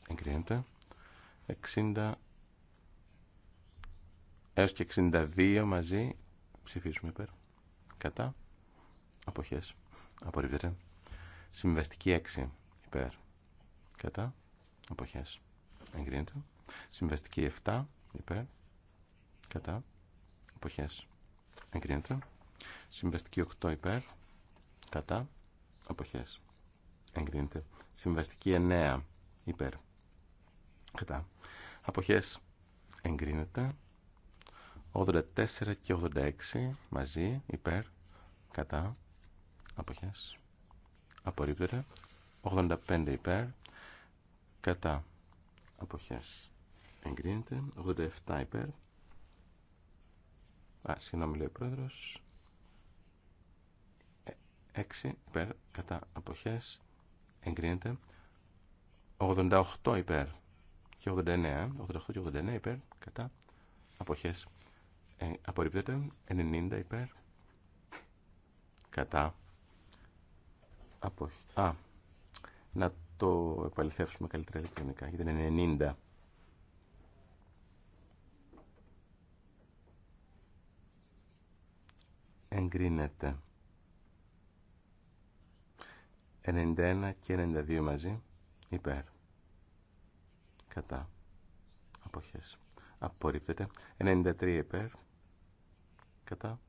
εγκρίνεται 60 έως και 62 μαζί ψηφίσουμε υπέρ κατά αποχές απορρίπτεται συμβαστική 6 υπέρ κατά αποχές εγκρίνεται συμβαστική 7 υπέρ κατά αποχές εγκρίνεται Συμβαστική 8 υπέρ. Κατά. Αποχές. Εγκρίνεται. Συμβαστική 9 υπέρ. Κατά. Αποχές. Εγκρίνεται. 84 και 86 μαζί υπέρ. Κατά. Αποχές. Απορρίπτεται. 85 υπέρ. Κατά. Αποχές. Εγκρίνεται. 87 υπέρ. Α, συγγνώμη λέει ο πρόεδρος. 6 υπέρ κατά αποχές εγκρίνεται 88 υπέρ και 89 88 και 89 υπέρ κατά αποχές ε, απορρίπτεται 90 υπέρ κατά αποχέ. Α, να το επαληθεύσουμε καλύτερα ηλεκτρονικά γιατί είναι 90 εγκρίνεται 91 και 92 μαζί υπέρ κατά αποχές απορρίπτεται 93 υπέρ κατά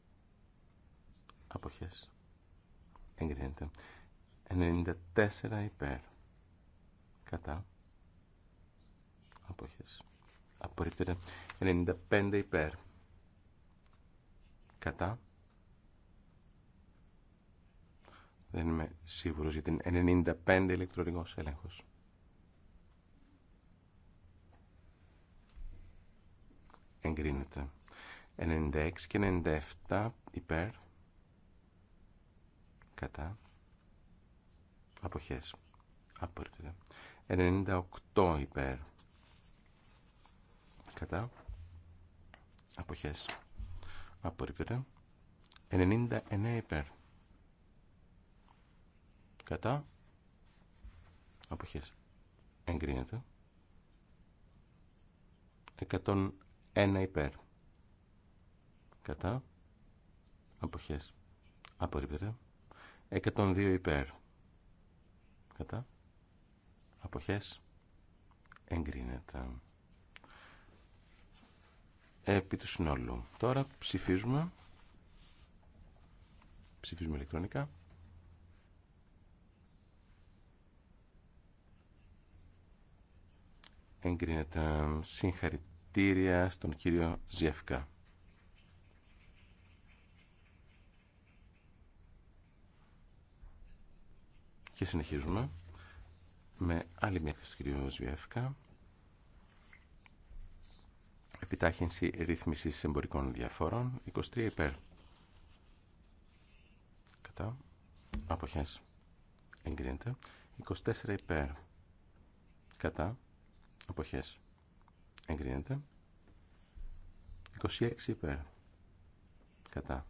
αποχές εγκρίνεται 94 υπέρ κατά αποχές απορρίπτεται 95 υπέρ κατά Δεν είμαι σίγουρος για την 95 ηλεκτρονικός έλεγχος. Εγκρίνεται. 96 και 97 υπέρ. Κατά. Αποχές. Απορρίπτεται. 98 υπέρ. Κατά. Αποχές. Απορρίπτεται. 99 υπέρ. Κατά. Αποχές. Εγκρίνεται. 101 υπέρ. Κατά. Αποχές. Απορρίπτεται. 102 υπέρ. Κατά. Αποχές. Εγκρίνεται. Επί του συνόλου. Τώρα ψηφίζουμε. Ψηφίζουμε ηλεκτρονικά. εγκρίνεται. Συγχαρητήρια στον κύριο Ζιεύκα. Και συνεχίζουμε με άλλη μια θέση του κύριου Ζιεύκα. Επιτάχυνση ρύθμισης εμπορικών διαφόρων. 23 υπέρ. Κατά. Αποχές. Εγκρίνεται. 24 υπέρ. Κατά εποχές Εγκρίνεται. 26 υπέρ. Κατά.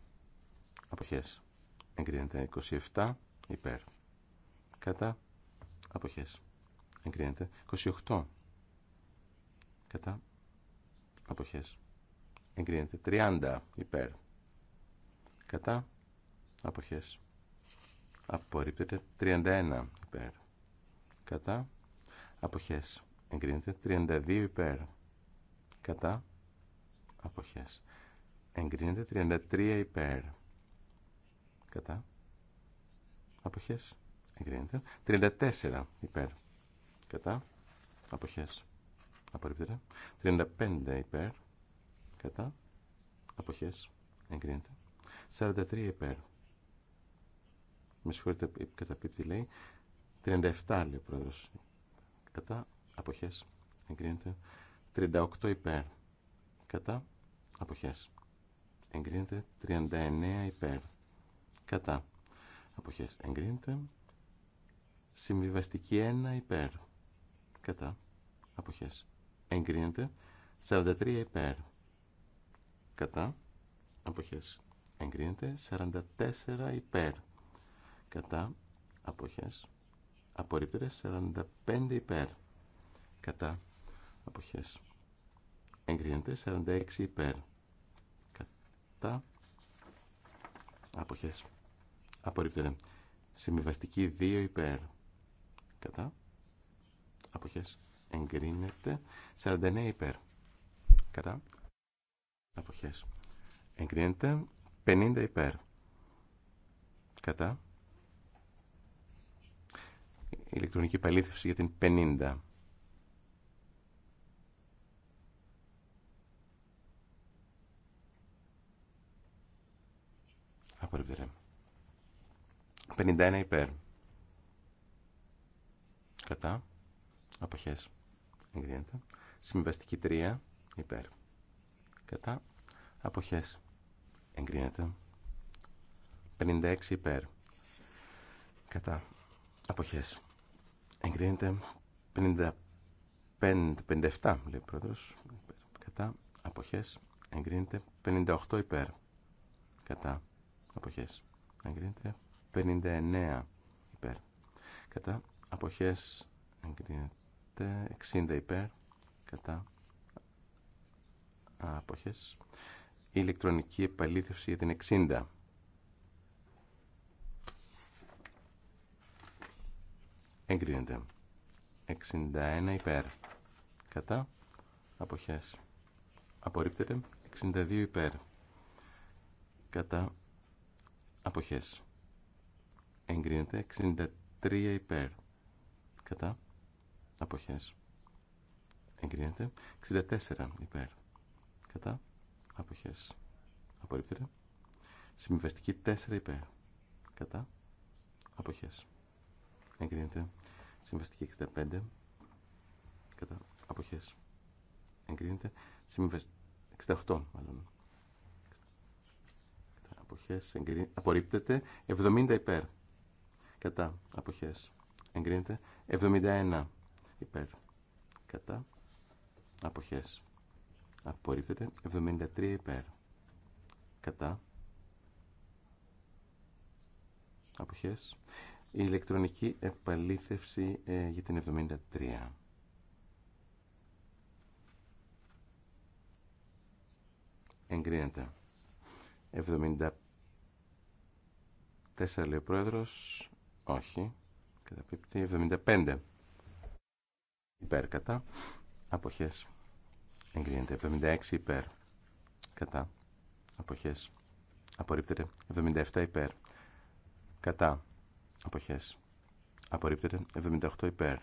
εποχές Εγκρίνεται. 27 υπέρ. Κατά. εποχές Εγκρίνεται. 28 κατά εποχές Εγκρίνεται 30 υπέρ κατά εποχές Απορρίπτεται 31 υπέρ κατά αποχές εγκρίνεται 32 υπέρ κατά αποχές εγκρίνεται 33 υπέρ κατά αποχές εγκρίνεται 34 υπέρ κατά αποχές απορρίπτεται 35 υπέρ κατά αποχές εγκρίνεται 43 υπέρ με συγχωρείτε καταπίπτει λέει 37 λέει ο πρόεδρος κατά αποχές εγκρίνεται 38 υπέρ κατά αποχές εγκρίνεται 39 υπέρ κατά αποχές εγκρίνεται συμβιβαστική 1 υπέρ κατά αποχές εγκρίνεται 43 υπέρ κατά αποχές εγκρίνεται 44 υπέρ κατά αποχές απορρίπτεται 45 υπέρ κατά αποχές εγκρίνεται 46 υπέρ κατά αποχές απορρίπτεται συμβιβαστική 2 υπέρ κατά αποχές εγκρίνεται 49 υπέρ κατά αποχές εγκρίνεται 50 υπέρ κατά ηλεκτρονική παλήθευση για την 50 51 υπέρ. Κατά. Αποχές. Εγκρίνεται. Συμβαστική 3 υπέρ. Κατά. Αποχές. Εγκρίνεται. 56 υπέρ. Κατά. Αποχές. Εγκρίνεται. 57 λέει ο πρόεδρος. Κατά. Αποχές. Εγκρίνεται. 58 υπέρ. Κατά αποχές εγκρίνεται 59 υπέρ κατά αποχές εγκρίνεται 60 υπέρ κατά αποχές ηλεκτρονική επαλήθευση για την 60 εγκρίνεται 61 υπέρ κατά αποχές απορρίπτεται 62 υπέρ κατά αποχές εγκρίνεται 63 υπέρ κατά αποχές εγκρίνεται 64 υπέρ κατά αποχές απορρίπτεται συμβιβαστική 4 υπέρ κατά αποχές εγκρίνεται συμβαστική 65 κατά αποχές εγκρίνεται συμβιβαστική 68 μάλλον αποχές απορρίπτεται 70 υπέρ κατά αποχές εγκρίνεται 71 υπέρ κατά αποχές απορρίπτεται 73 υπέρ κατά αποχές η ηλεκτρονική επαλήθευση ε, για την 73 εγκρίνεται 75 74 λέει ο πρόεδρος. Όχι. Καταπίπτει. 75. Υπέρ κατά. Αποχές. Εγκρίνεται. 76 υπέρ. Κατά. Αποχές. Απορρίπτεται. 77 υπέρ. Κατά. Αποχές. Απορρίπτεται. 78 υπέρ.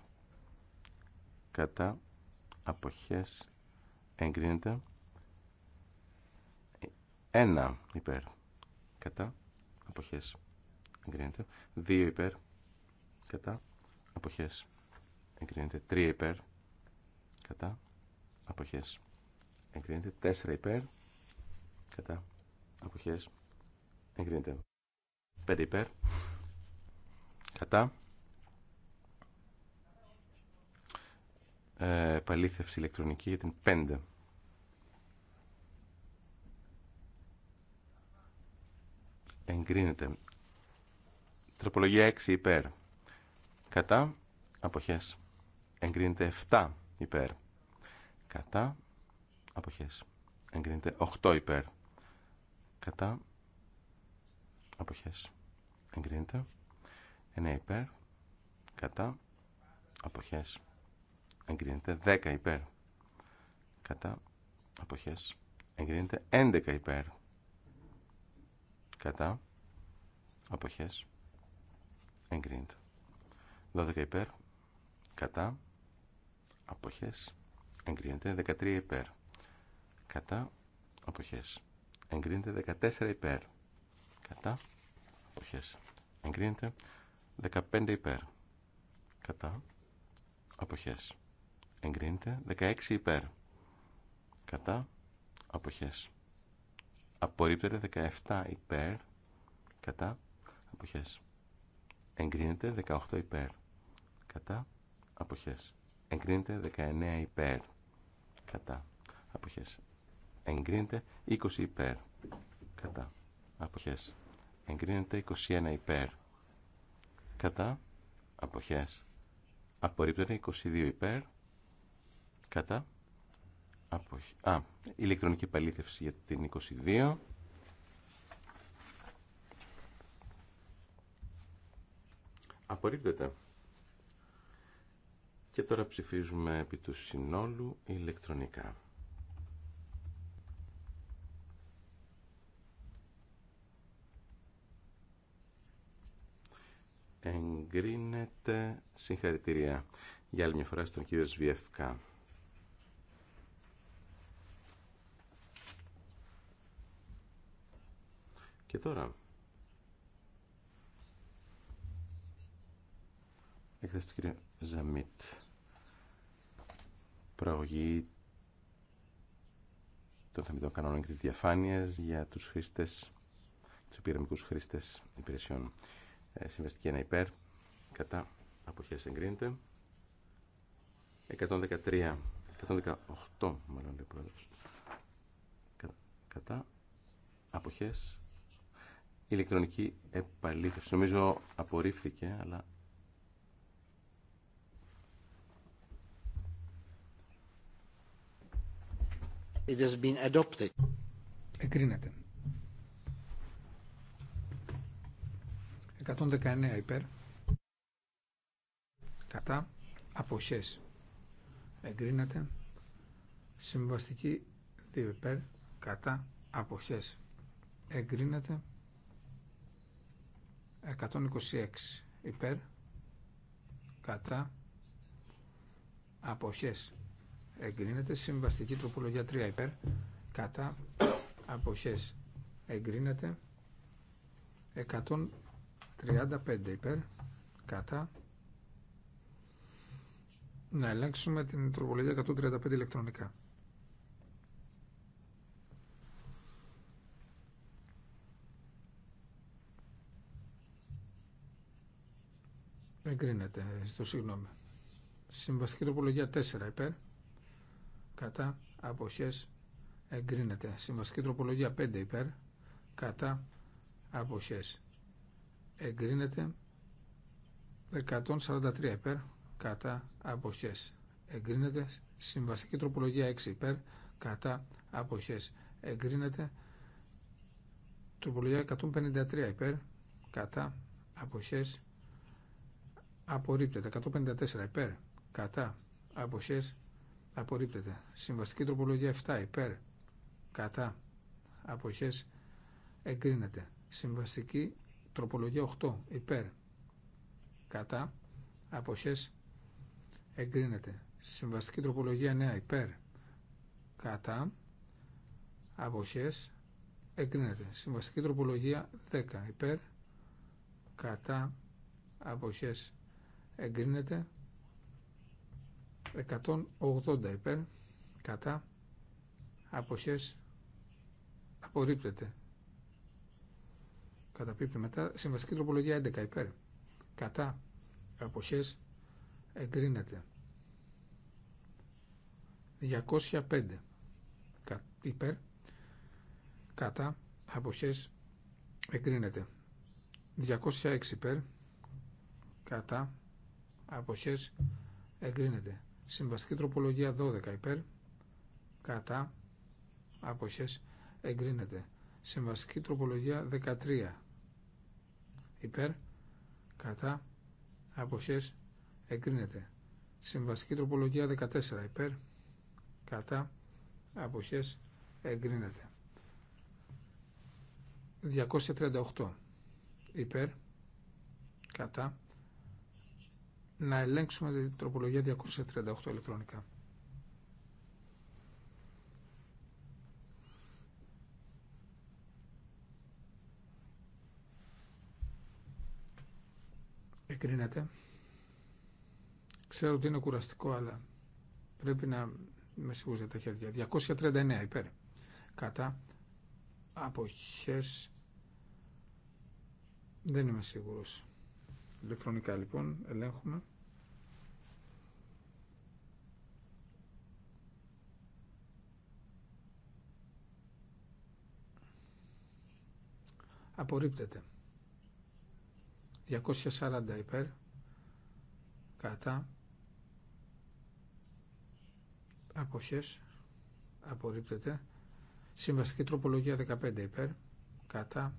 Κατά. Αποχές. Εγκρίνεται. 1 υπέρ. Κατά. Αποχές εγκρίνεται. 2 υπέρ κατά αποχές εγκρίνεται. 3 υπέρ κατά αποχές εγκρίνεται. 4 υπέρ κατά αποχές εγκρίνεται. 5 υπέρ κατά ε, παλήθευση ηλεκτρονική για την 5. εγκρίνεται Τροπολογία 6 υπέρ. Κατά αποχές. Εγκρίνεται 7 υπέρ. Κατά αποχές. Εγκρίνεται 8 υπέρ. Κατά αποχές. Εγκρίνεται 9 υπέρ. Κατά αποχές. Εγκρίνεται 10 υπέρ. Κατά αποχές. Εγκρίνεται 11 υπέρ. Κατά αποχές εγκρίνεται 12 υπέρ κατά αποχές εγκρίνεται 13 υπέρ κατά αποχές εγκρίνεται 14 υπέρ κατά αποχές εγκρίνεται 15 υπέρ κατά αποχές εγκρίνεται 16 υπέρ κατά αποχές απορρίπτεται 17 υπέρ κατά αποχές Εγκρίνεται 18 υπέρ. Κατά. Αποχές. Εγκρίνεται 19 υπέρ. Κατά. Αποχές. Εγκρίνεται 20 υπέρ. Κατά. Αποχές. Εγκρίνεται 21 υπέρ. Κατά. Αποχές. Απορρίπτεται 22 υπέρ. Κατά. Αποχ... Α, ηλεκτρονική επαλήθευση για την 22. Απορρίπτεται. Και τώρα ψηφίζουμε επί του συνόλου ηλεκτρονικά. Εγκρίνεται συγχαρητήρια για άλλη μια φορά στον κύριο Σβιεφκά. Και τώρα έκθεση του κ. Ζαμίτ. Προαγωγή των θεμητών κανόνων και τη διαφάνεια για του χρήστε, του επιγραμμικούς χρήστε υπηρεσιών. Ε, συμβαστική 1 υπέρ, κατά, αποχές εγκρίνεται. 113, 118 μάλλον λέει πρόεδρο. Κα, κατά, αποχές, ηλεκτρονική επαλήθευση. Νομίζω απορρίφθηκε, αλλά It has been adopted. Εγκρίνεται. 119 υπέρ. Κατά. Αποχές. Εγκρίνεται. Συμβαστική 2 υπέρ. Κατά. Αποχές. Εγκρίνεται. 126 υπέρ. Κατά. Αποχές εγκρίνεται. Συμβαστική τροπολογία 3 υπέρ κατά αποχές εγκρίνεται. 135 υπέρ κατά να ελέγξουμε την τροπολογία 135 ηλεκτρονικά. Εγκρίνεται, στο συγγνώμη. Συμβαστική τροπολογία 4 υπέρ κατά αποχές εγκρίνεται. Συμβαστική τροπολογία 5 υπέρ κατά αποχές εγκρίνεται. 143 υπέρ κατά αποχές εγκρίνεται. Συμβαστική τροπολογία 6 υπέρ κατά αποχές εγκρίνεται. Τροπολογία 153 υπέρ κατά αποχές απορρίπτεται. 154 υπέρ κατά αποχές απορρίπτεται. Συμβαστική τροπολογία 7 υπέρ κατά αποχές εγκρίνεται. Συμβαστική τροπολογία 8 υπέρ κατά αποχές εγκρίνεται. Συμβαστική τροπολογία 9 υπέρ κατά αποχές εγκρίνεται. Συμβαστική τροπολογία 10 υπέρ κατά αποχές εγκρίνεται. 180 υπέρ κατά αποχές απορρίπτεται καταπίπτει μετά συμβαστική τροπολογία 11 υπέρ κατά αποχές εγκρίνεται 205 υπέρ κατά αποχές εγκρίνεται 206 υπέρ κατά αποχές εγκρίνεται Συμβαστική τροπολογία 12 υπέρ, κατά, αποχές, εγκρίνεται. Συμβαστική τροπολογία 13 υπέρ, κατά, αποχές, εγκρίνεται. Συμβαστική τροπολογία 14 υπέρ, κατά, αποχές, εγκρίνεται. 238 υπέρ, κατά, να ελέγξουμε την τροπολογία 238 ηλεκτρονικά. Εκρίνεται. Ξέρω ότι είναι κουραστικό, αλλά πρέπει να με σιγούζετε τα χέρια. 239 υπέρ. Κατά αποχές δεν είμαι σίγουρος. Ηλεκτρονικά λοιπόν ελέγχουμε. Απορρίπτεται. 240 υπέρ. Κατά. Αποχές. Απορρίπτεται. Συμβαστική τροπολογία 15 υπέρ. Κατά.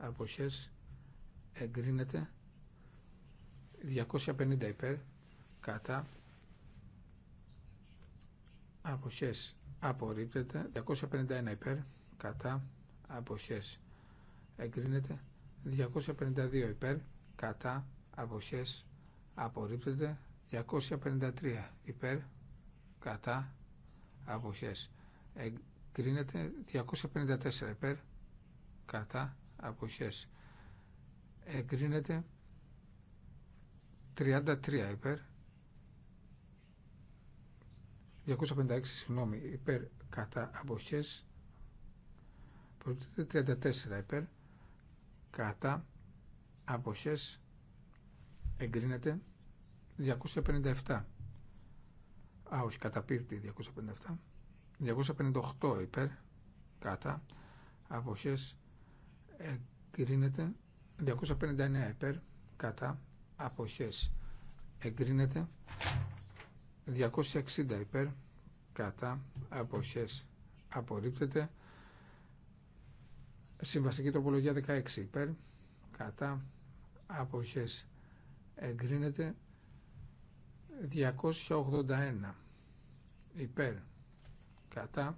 Αποχές. Εγκρίνεται. 250 υπέρ κατά αποχές απορρίπτεται 251 υπέρ κατά αποχές εγκρίνεται 252 υπέρ κατά αποχές απορρίπτεται 253 υπέρ κατά αποχές εγκρίνεται 254 υπέρ κατά αποχές εγκρίνεται 33 υπέρ. 256 συγγνώμη υπέρ κατά αποχές. 34 υπέρ κατά αποχές εγκρίνεται 257. Α, όχι, 257. 258 υπέρ, κατά, αποχές εγκρίνεται. 259 υπέρ, κατά, αποχές εγκρίνεται 260 υπέρ κατά αποχές απορρίπτεται συμβαστική τροπολογία 16 υπέρ κατά αποχές εγκρίνεται 281 υπέρ κατά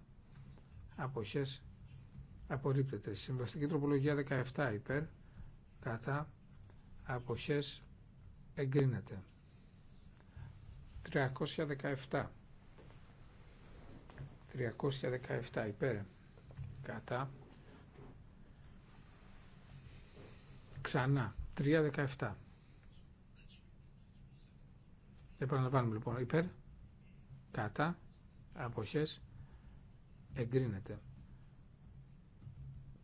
αποχές απορρίπτεται συμβαστική τροπολογία 17 υπέρ κατά αποχές εγκρίνεται. 317. 317 υπέρ. Κατά. Ξανά. 317. Επαναλαμβάνουμε λοιπόν υπέρ. Κατά. Αποχές. Εγκρίνεται.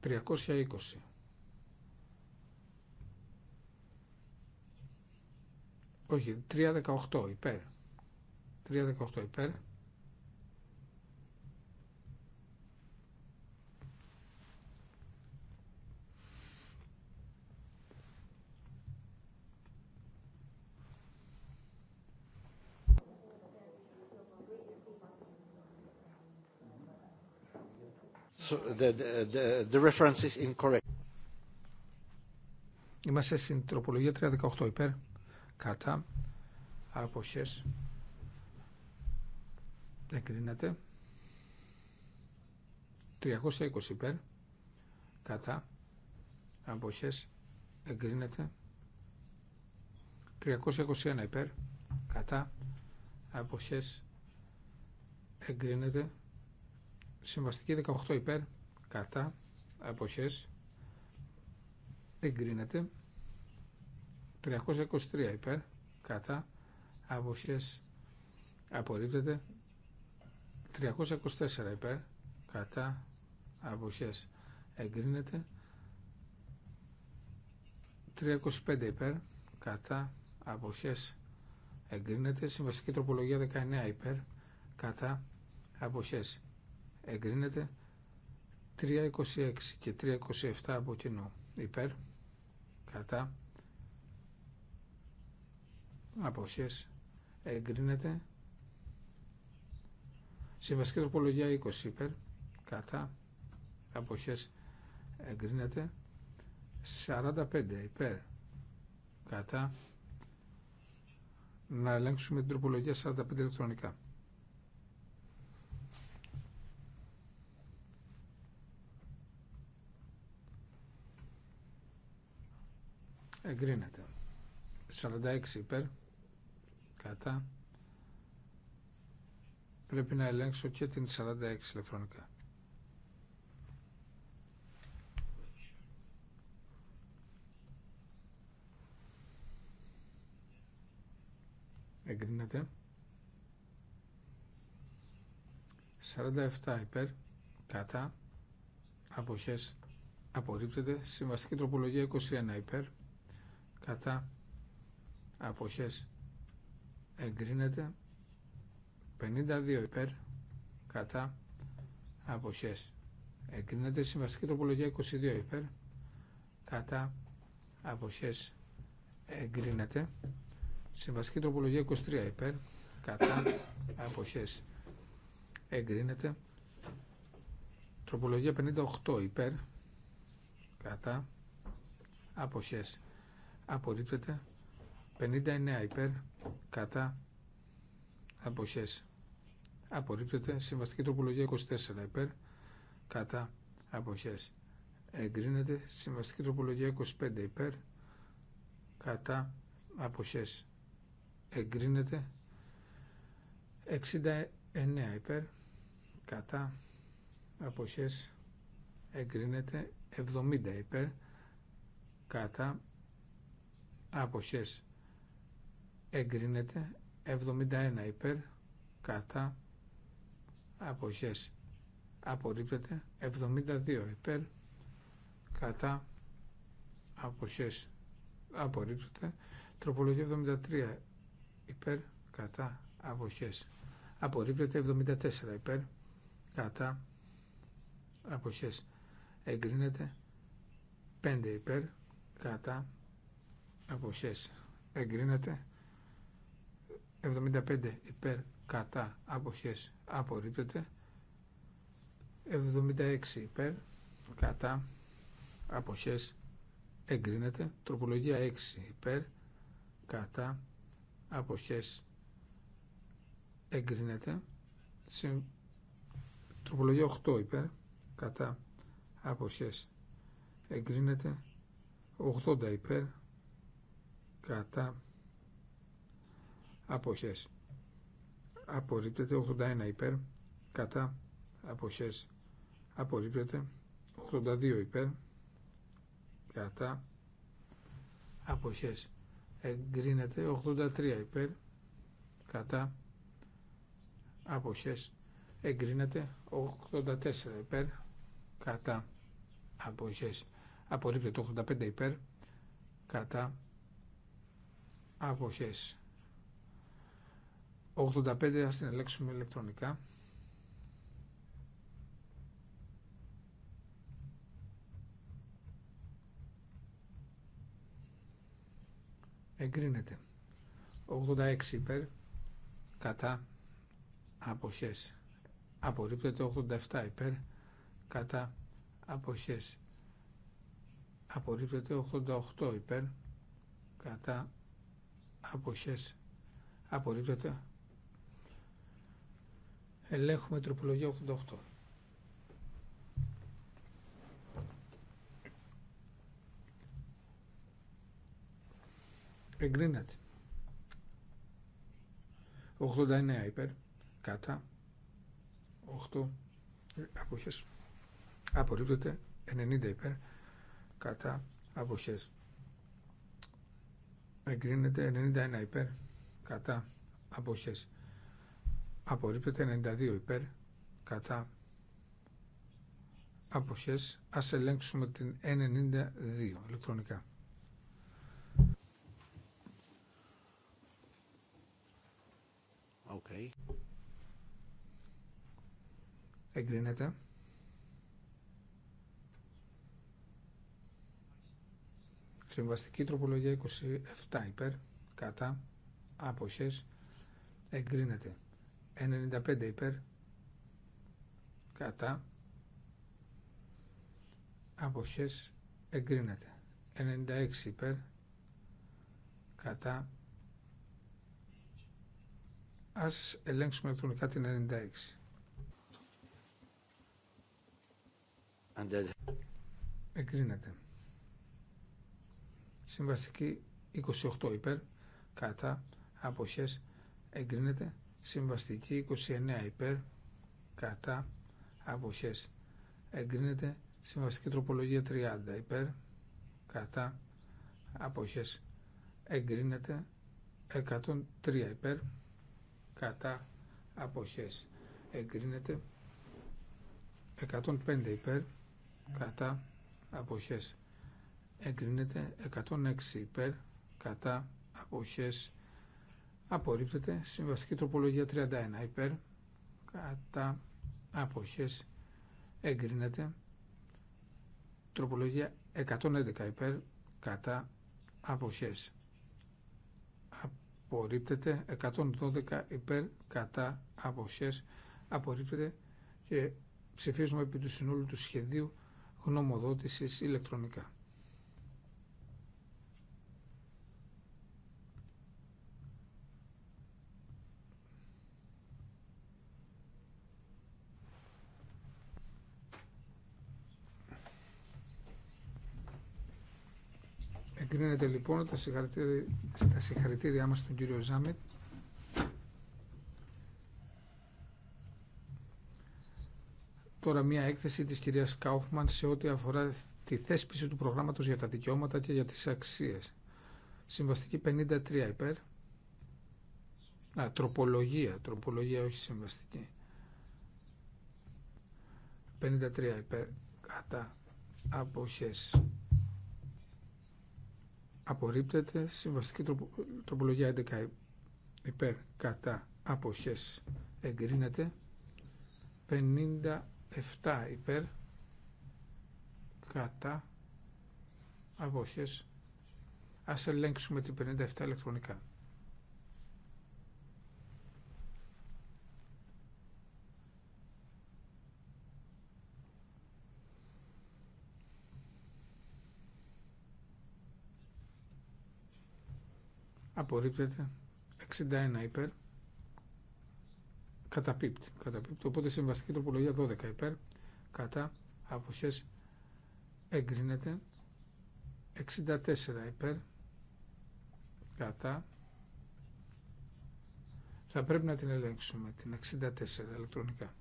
320 Όχι, 3.18 υπέρ. 3.18 υπέρ. the, the, the reference is incorrect. Είμαστε στην τροπολογία 318 υπέρ κατά αποχές εγκρίνεται 320 υπέρ κατά αποχές εγκρίνεται 321 υπέρ κατά αποχές εγκρίνεται συμβαστική 18 υπέρ κατά αποχές εγκρίνεται 323 υπέρ, κατά, αποχές απορρίπτεται. 324 υπέρ, κατά, αποχές εγκρίνεται. 325 υπέρ, κατά, αποχές εγκρίνεται. Συμβαστική τροπολογία 19 υπέρ, κατά, αποχές εγκρίνεται. 326 και 327 από κοινού υπέρ, κατά, αποχές εγκρίνεται βασική τροπολογία 20 υπέρ κατά αποχές εγκρίνεται 45 υπέρ κατά να ελέγξουμε την τροπολογία 45 ηλεκτρονικά. Εγκρίνεται. 46 υπέρ κατά. Πρέπει να ελέγξω και την 46 ηλεκτρονικά. Εγκρίνεται. 47 υπέρ, κατά, αποχές, απορρίπτεται. Συμβαστική τροπολογία 21 υπέρ, κατά, αποχές, εγκρίνεται 52 υπέρ κατά αποχές εγκρίνεται συμβαστική τροπολογία 22 υπέρ κατά αποχές εγκρίνεται συμβαστική τροπολογία 23 υπέρ κατά αποχές εγκρίνεται τροπολογία 58 υπέρ κατά αποχές απορρίπτεται 59 υπέρ κατά αποχές απορρίπτεται συμβαστική τροπολογία 24 υπέρ κατά αποχές εγκρίνεται συμβαστική τροπολογία 25 υπέρ κατά αποχές εγκρίνεται 69 υπέρ κατά αποχές εγκρίνεται 70 υπέρ κατά αποχές εγκρίνεται 71 υπέρ κατά αποχές απορρίπτεται 72 υπέρ κατά αποχές απορρίπτεται τροπολογία 73 υπέρ κατά αποχές απορρίπτεται 74 υπέρ κατά αποχές εγκρίνεται 5 υπέρ κατά αποχές εγκρίνεται 75 υπέρ κατά αποχές απορρίπτεται 76 υπέρ κατά αποχές εγκρίνεται τροπολογία 6 υπέρ κατά αποχές εγκρίνεται τροπολογία 8 υπέρ κατά αποχές εγκρίνεται 80 υπέρ κατά αποχές απορρίπτεται 81 υπέρ κατά αποχές απορρίπτεται 82 υπέρ κατά αποχές εγκρίνεται 83 υπέρ κατά αποχές εγκρίνεται 84 υπέρ κατά αποχές απορρίπτεται 85 υπέρ κατά αποχές 85 ας την ηλεκτρονικά. Εγκρίνεται. 86 υπέρ κατά αποχές. Απορρίπτεται 87 υπέρ κατά αποχές. Απορρίπτεται 88 υπέρ κατά αποχές. Απορρίπτεται Ελέγχουμε τροπολογία 88. Εγκρίνεται. 89 υπέρ. Κατά. 8 αποχές. Απορρίπτεται. 90 υπέρ. Κατά. Αποχές. Εγκρίνεται. 91 υπέρ. Κατά. Αποχές απορρίπτεται 92 υπέρ κατά αποχές ας ελέγξουμε την 92 ηλεκτρονικά okay. εγκρίνεται συμβαστική τροπολογία 27 υπέρ κατά αποχές εγκρίνεται 95 υπέρ κατά αποχές εγκρίνεται 96 υπέρ κατά ας ελέγξουμε ηλεκτρονικά την 96 εγκρίνεται συμβαστική 28 υπέρ κατά αποχές εγκρίνεται Συμβαστική 29 υπέρ κατά αποχές. Εγκρίνεται συμβαστική τροπολογία 30 υπέρ κατά αποχές. Εγκρίνεται 103 υπέρ κατά αποχές. Εγκρίνεται 105 υπέρ κατά αποχές. Εγκρίνεται 106 υπέρ κατά αποχές απορρίπτεται. Συμβαστική τροπολογία 31 υπέρ κατά αποχές εγκρίνεται. Τροπολογία 111 υπέρ κατά αποχές απορρίπτεται. 112 υπέρ κατά αποχές απορρίπτεται και ψηφίζουμε επί του συνόλου του σχεδίου γνωμοδότησης ηλεκτρονικά. Βλέπετε λοιπόν τα συγχαρητήριά, τα συγχαρητήριά μας στον κύριο Ζάμετ. Τώρα μία έκθεση της κυρίας Κάουφμαν σε ό,τι αφορά τη θέσπιση του προγράμματος για τα δικαιώματα και για τις αξίες. Συμβαστική 53 υπέρ. Α, τροπολογία, τροπολογία όχι συμβαστική. 53 υπέρ κατά αποχές απορρίπτεται συμβαστική τροπολογία 11 υπέρ κατά αποχές εγκρίνεται 57 υπέρ κατά αποχές ας ελέγξουμε την 57 ηλεκτρονικά απορρίπτεται 61 υπέρ καταπίπτει, καταπίπτει. οπότε συμβαστική τροπολογία 12 υπέρ κατά αποχές εγκρίνεται 64 υπέρ κατά θα πρέπει να την ελέγξουμε την 64 ηλεκτρονικά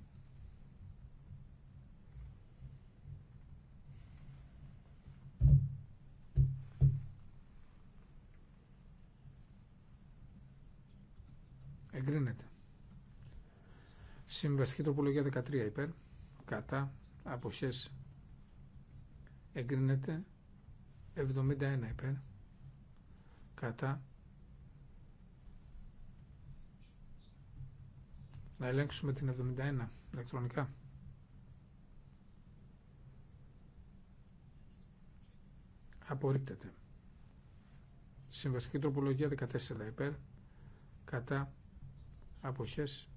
Συμβαστική τροπολογία 13 υπέρ, κατά, αποχές εγκρίνεται 71 υπέρ, κατά, να ελέγξουμε την 71 ηλεκτρονικά. Απορρίπτεται. Συμβαστική τροπολογία 14 υπέρ, κατά, αποχές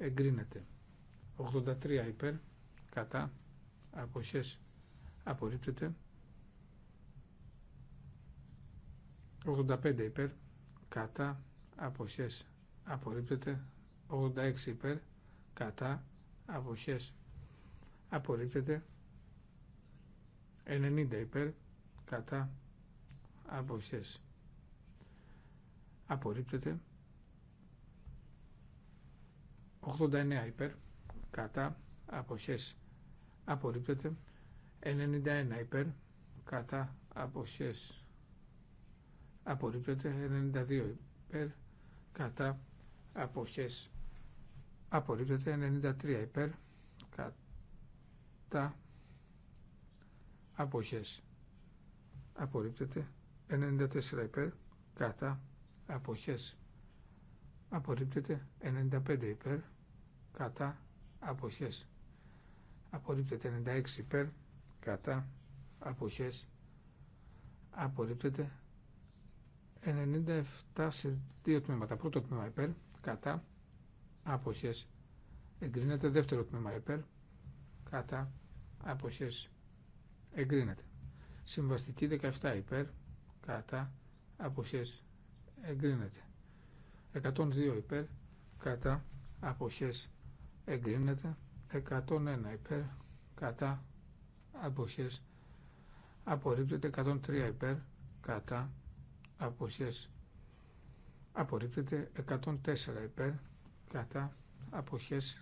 εγκρίνεται. 83 υπέρ, κατά, αποχές απορρίπτεται. 85 υπέρ, κατά, αποχές απορρίπτεται. 86 υπέρ, κατά, αποχές απορρίπτεται. 90 υπέρ, κατά, αποχές απορρίπτεται. 89 υπέρ κατά αποχές απορρίπτεται 91 υπέρ κατά αποχές απορρίπτεται 92 υπέρ κατά αποχές απορρίπτεται 93 υπέρ κατά αποχές απορρίπτεται 94 υπέρ κατά αποχές απορρίπτεται 95 υπέρ κατά αποχές απορρίπτεται 96 υπέρ κατά αποχές απορρίπτεται 97 σε δύο τμήματα πρώτο τμήμα υπέρ κατά αποχές εγκρίνεται δεύτερο τμήμα υπέρ κατά αποχές εγκρίνεται συμβαστική 17 υπέρ κατά αποχές εγκρίνεται 102 υπέρ κατά αποχές εγκρίνεται 101 υπέρ κατά αποχές απορρίπτεται 103 υπέρ κατά αποχές απορρίπτεται 104 υπέρ κατά αποχές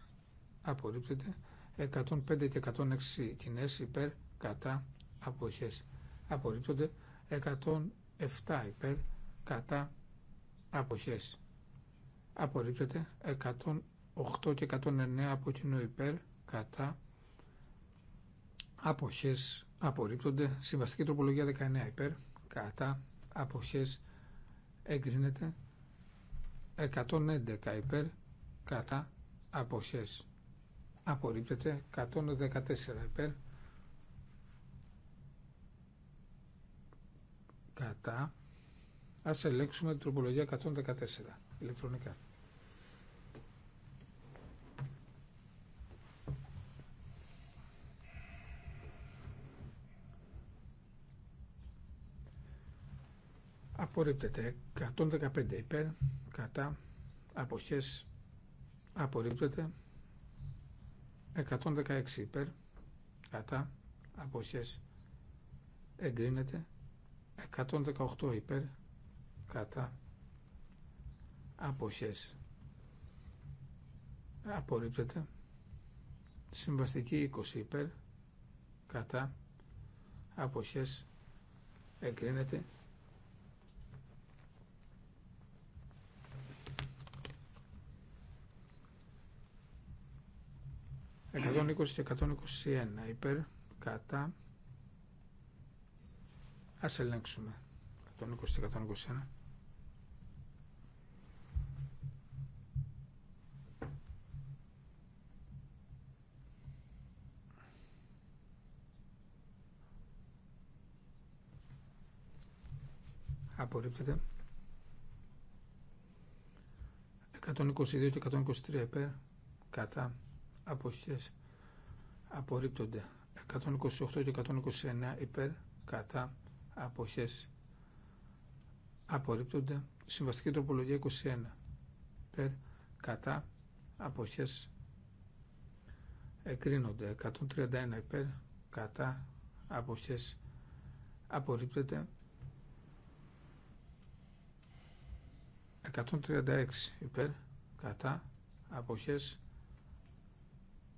απορρίπτεται 105 και 106 κοινέ υπέρ κατά αποχές απορρίπτονται 107 υπέρ κατά αποχές απορρίπτεται 108 και 109 από κοινό υπέρ κατά αποχές απορρίπτονται συμβαστική τροπολογία 19 υπέρ κατά αποχές εγκρίνεται 111 υπέρ κατά αποχές απορρίπτεται 114 υπέρ κατά ας ελέγξουμε την τροπολογία 114 ηλεκτρονικά απορρίπτεται 115 υπέρ κατά αποχές απορρίπτεται 116 υπέρ κατά αποχές εγκρίνεται 118 υπέρ κατά αποχές απορρίπτεται συμβαστική 20 υπέρ κατά αποχές εγκρίνεται 120 και 121 υπέρ κατά ας ελέγξουμε 120 και 121 απορρίπτεται 122 και 123 υπέρ κατά αποχές απορρίπτονται 128 και 129 υπέρ κατά αποχές απορρίπτονται συμβαστική τροπολογία 21 υπέρ κατά αποχές εκρίνονται 131 υπέρ κατά αποχές απορρίπτεται 136 υπέρ κατά αποχές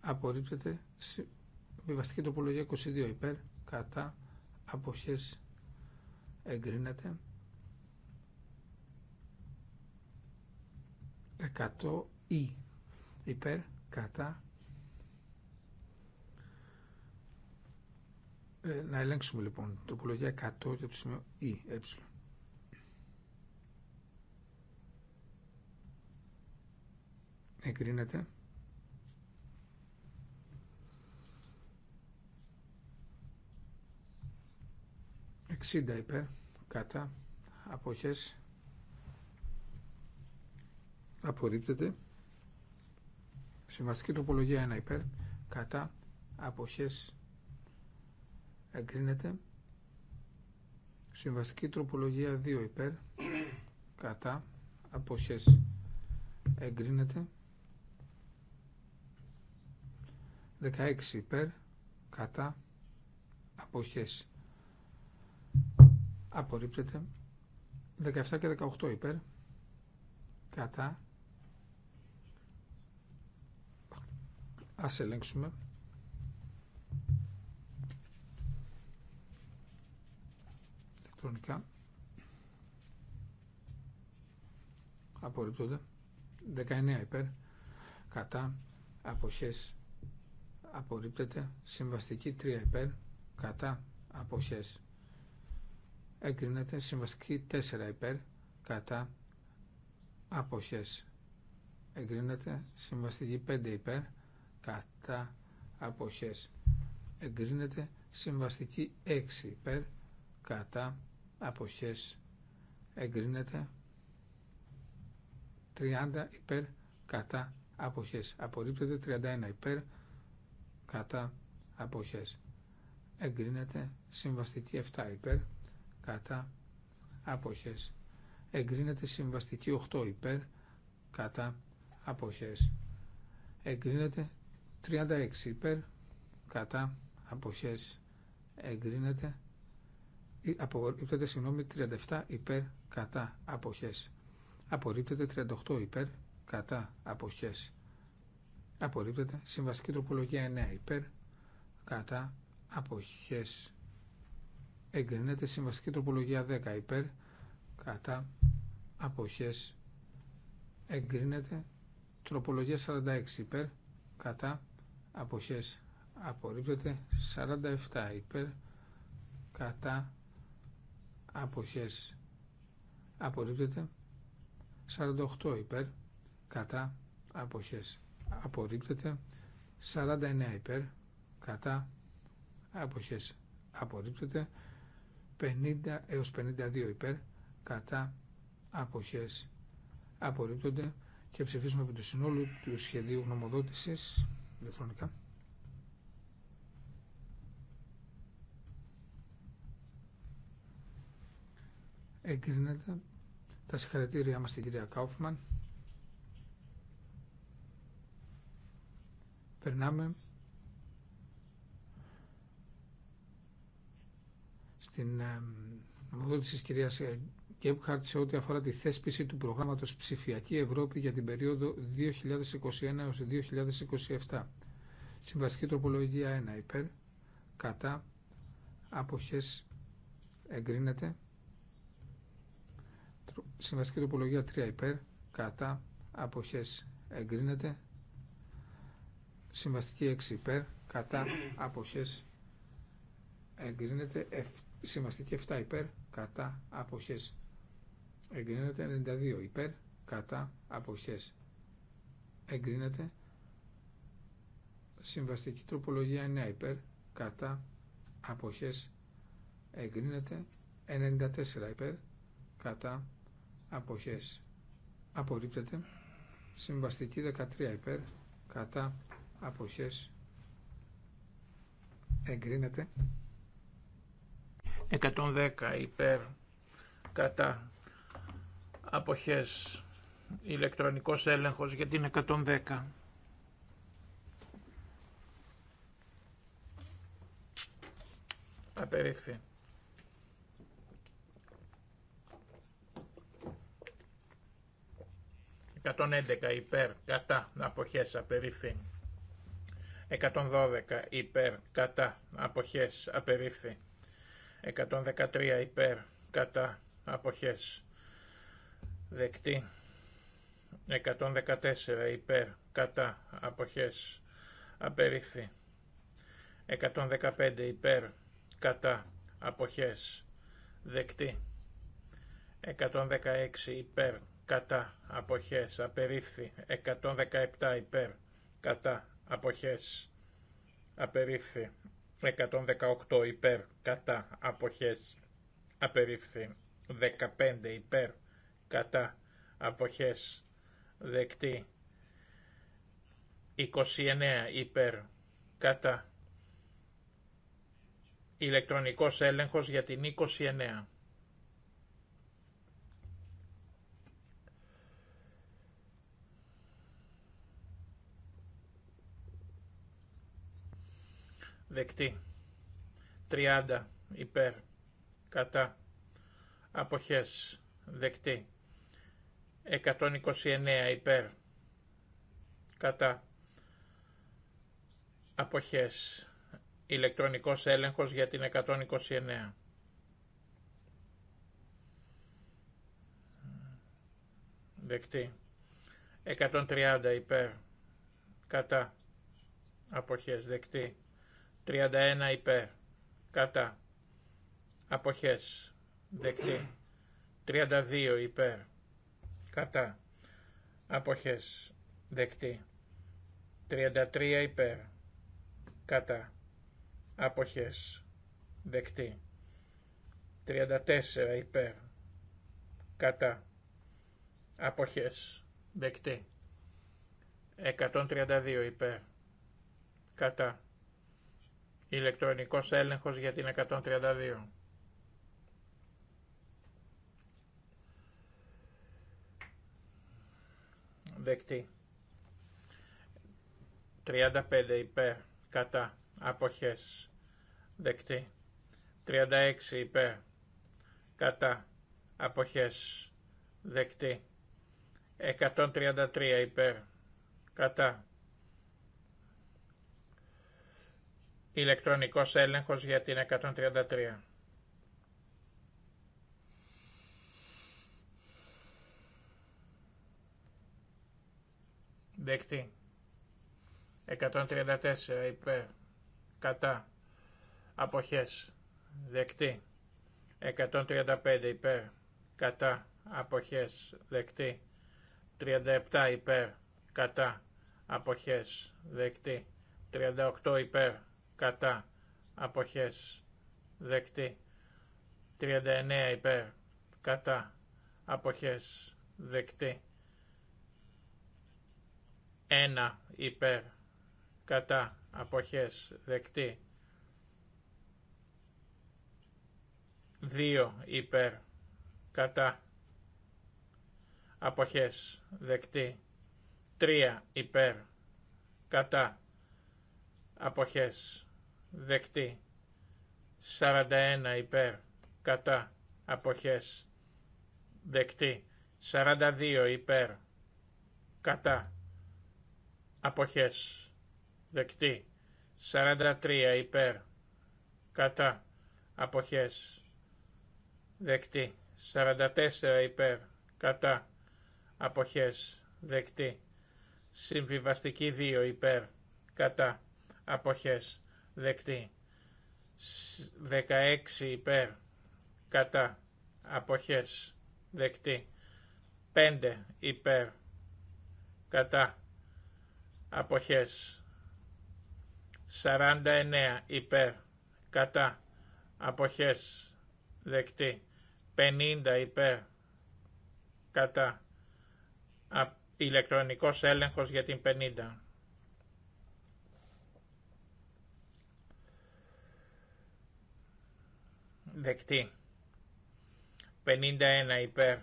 απορρίπτεται βιβαστική τοπολογία 22 υπέρ κατά αποχές εγκρίνεται 100 ή υπέρ κατά ε, να ελέγξουμε λοιπόν τοπολογία 100 για το σημείο ή ε εγκρίνεται 60 υπέρ κατά αποχές απορρίπτεται συμβαστική τροπολογία 1 υπέρ κατά αποχές εγκρίνεται συμβαστική τροπολογία 2 υπέρ κατά αποχές εγκρίνεται 16 υπέρ κατά αποχές Απορρίπτεται. 17 και 18 υπέρ. Κατά. Ας ελέγξουμε. Ηλεκτρονικά. Απορρίπτονται. 19 υπέρ. Κατά. Αποχές. Απορρίπτεται. Συμβαστική 3 υπέρ. Κατά. Αποχές εγκρίνεται συμβαστική 4 υπέρ κατά αποχές εγκρίνεται συμβαστική 5 υπέρ κατά αποχές εγκρίνεται συμβαστική 6 υπέρ κατά αποχές εγκρίνεται 30 υπέρ κατά αποχές απορρίπτεται 31 υπέρ κατά αποχές εγκρίνεται συμβαστική 7 υπέρ κατά αποχές εγκρίνεται συμβαστική 8 υπέρ κατά αποχές εγκρίνεται 36 υπέρ κατά αποχές εγκρίνεται απορρίπτεται συγγνώμη 37 υπέρ κατά αποχές απορρίπτεται 38 υπέρ κατά αποχές απορρίπτεται συμβαστική τροπολογία 9 υπέρ κατά αποχές εγκρίνεται συμβαστική τροπολογία 10 υπέρ κατά αποχές εγκρίνεται τροπολογία 46 υπέρ κατά αποχές απορρίπτεται 47 υπέρ κατά αποχές απορρίπτεται 48 υπέρ κατά αποχές απορρίπτεται 49 υπέρ κατά αποχές απορρίπτεται 50 έως 52 υπέρ κατά αποχές απορρίπτονται και ψηφίσουμε από το συνόλου του σχεδίου γνωμοδότησης ηλεκτρονικά. Εγκρίνεται τα συγχαρητήριά μας στην κυρία Κάουφμαν. Περνάμε στην ε, ομοδότηση της κυρίας Γκέμπχαρτ ε, σε ό,τι αφορά τη θέσπιση του προγράμματος Ψηφιακή Ευρώπη για την περίοδο 2021 έως 2027. Συμβαστική τροπολογία 1 υπέρ, κατά, αποχές εγκρίνεται. Συμβαστική τροπολογία 3 υπέρ, κατά, αποχές εγκρίνεται. Συμβαστική 6 υπέρ, κατά, αποχές εγκρίνεται. Συμβαστική 7 υπέρ κατά αποχές. Εγκρίνεται 92 υπέρ κατά αποχές. Εγκρίνεται συμβαστική τροπολογία 9 υπέρ κατά αποχές. Εγκρίνεται 94 υπέρ κατά αποχές. Απορρίπτεται συμβαστική 13 υπέρ κατά αποχές. Εγκρίνεται 110 υπέρ κατά αποχές ηλεκτρονικός έλεγχος για την 110. Απερίφθη. 111 υπέρ κατά αποχές απερίφθη. 112 υπέρ κατά αποχές απερίφθη. 113 υπέρ κατά αποχές δεκτή 114 υπέρ κατά αποχές απερίφθη 115 υπέρ κατά αποχές δεκτή 116 υπέρ κατά αποχές απερίφθη 117 υπέρ κατά αποχές απερίφθη 118 υπέρ κατά αποχές απερίφθη 15 υπέρ κατά αποχές δεκτή 29 υπέρ κατά ηλεκτρονικός έλεγχος για την 29 δεκτή. 30 υπέρ κατά αποχές δεκτή. 129 υπέρ κατά αποχές ηλεκτρονικός έλεγχος για την 129. Δεκτή. 130 υπέρ κατά αποχές δεκτή. 31 υπέρ. Κατά. Αποχές. Δεκτή. 32 υπέρ. Κατά. Αποχές. Δεκτή. 33 υπέρ. Κατά. Αποχές. Δεκτή. 34 υπέρ. Κατά. Αποχές. Δεκτή. 132 υπέρ. Κατά. Ηλεκτρονικός έλεγχος για την 132. Δεκτή. 35 υπέρ κατά αποχές. Δεκτή. 36 υπέρ κατά αποχές. Δεκτή. 133 υπέρ κατά Ηλεκτρονικός έλεγχος για την 133. Δεκτή. 134 υπέρ. Κατά. Αποχές. Δεκτή. 135 υπέρ. Κατά. Αποχές. Δεκτή. 37 υπέρ. Κατά. Αποχές. Δεκτή. 38 υπέρ κατά, αποχές, δεκτή. 39 υπέρ, κατά, αποχές, δεκτή. 1 υπέρ, κατά, αποχές, δεκτή. 2 υπέρ, κατά, αποχές, δεκτή. 3 υπέρ, κατά, αποχές, δεκτή. 41 υπέρ, κατά, αποχές, δεκτή. 42 υπέρ, κατά, αποχές, δεκτή. 43 υπέρ, κατά, αποχές, δεκτή. 44 υπέρ, κατά, αποχές, δεκτή. Συμβιβαστική 2 υπέρ, κατά, αποχές, δεκτή. 16 υπέρ κατά αποχές δεκτή. 5 υπέρ κατά αποχές. 49 υπέρ κατά αποχές δεκτή. 50 υπέρ κατά ηλεκτρονικός έλεγχος για την 50. Δεκτή. 51 υπέρ.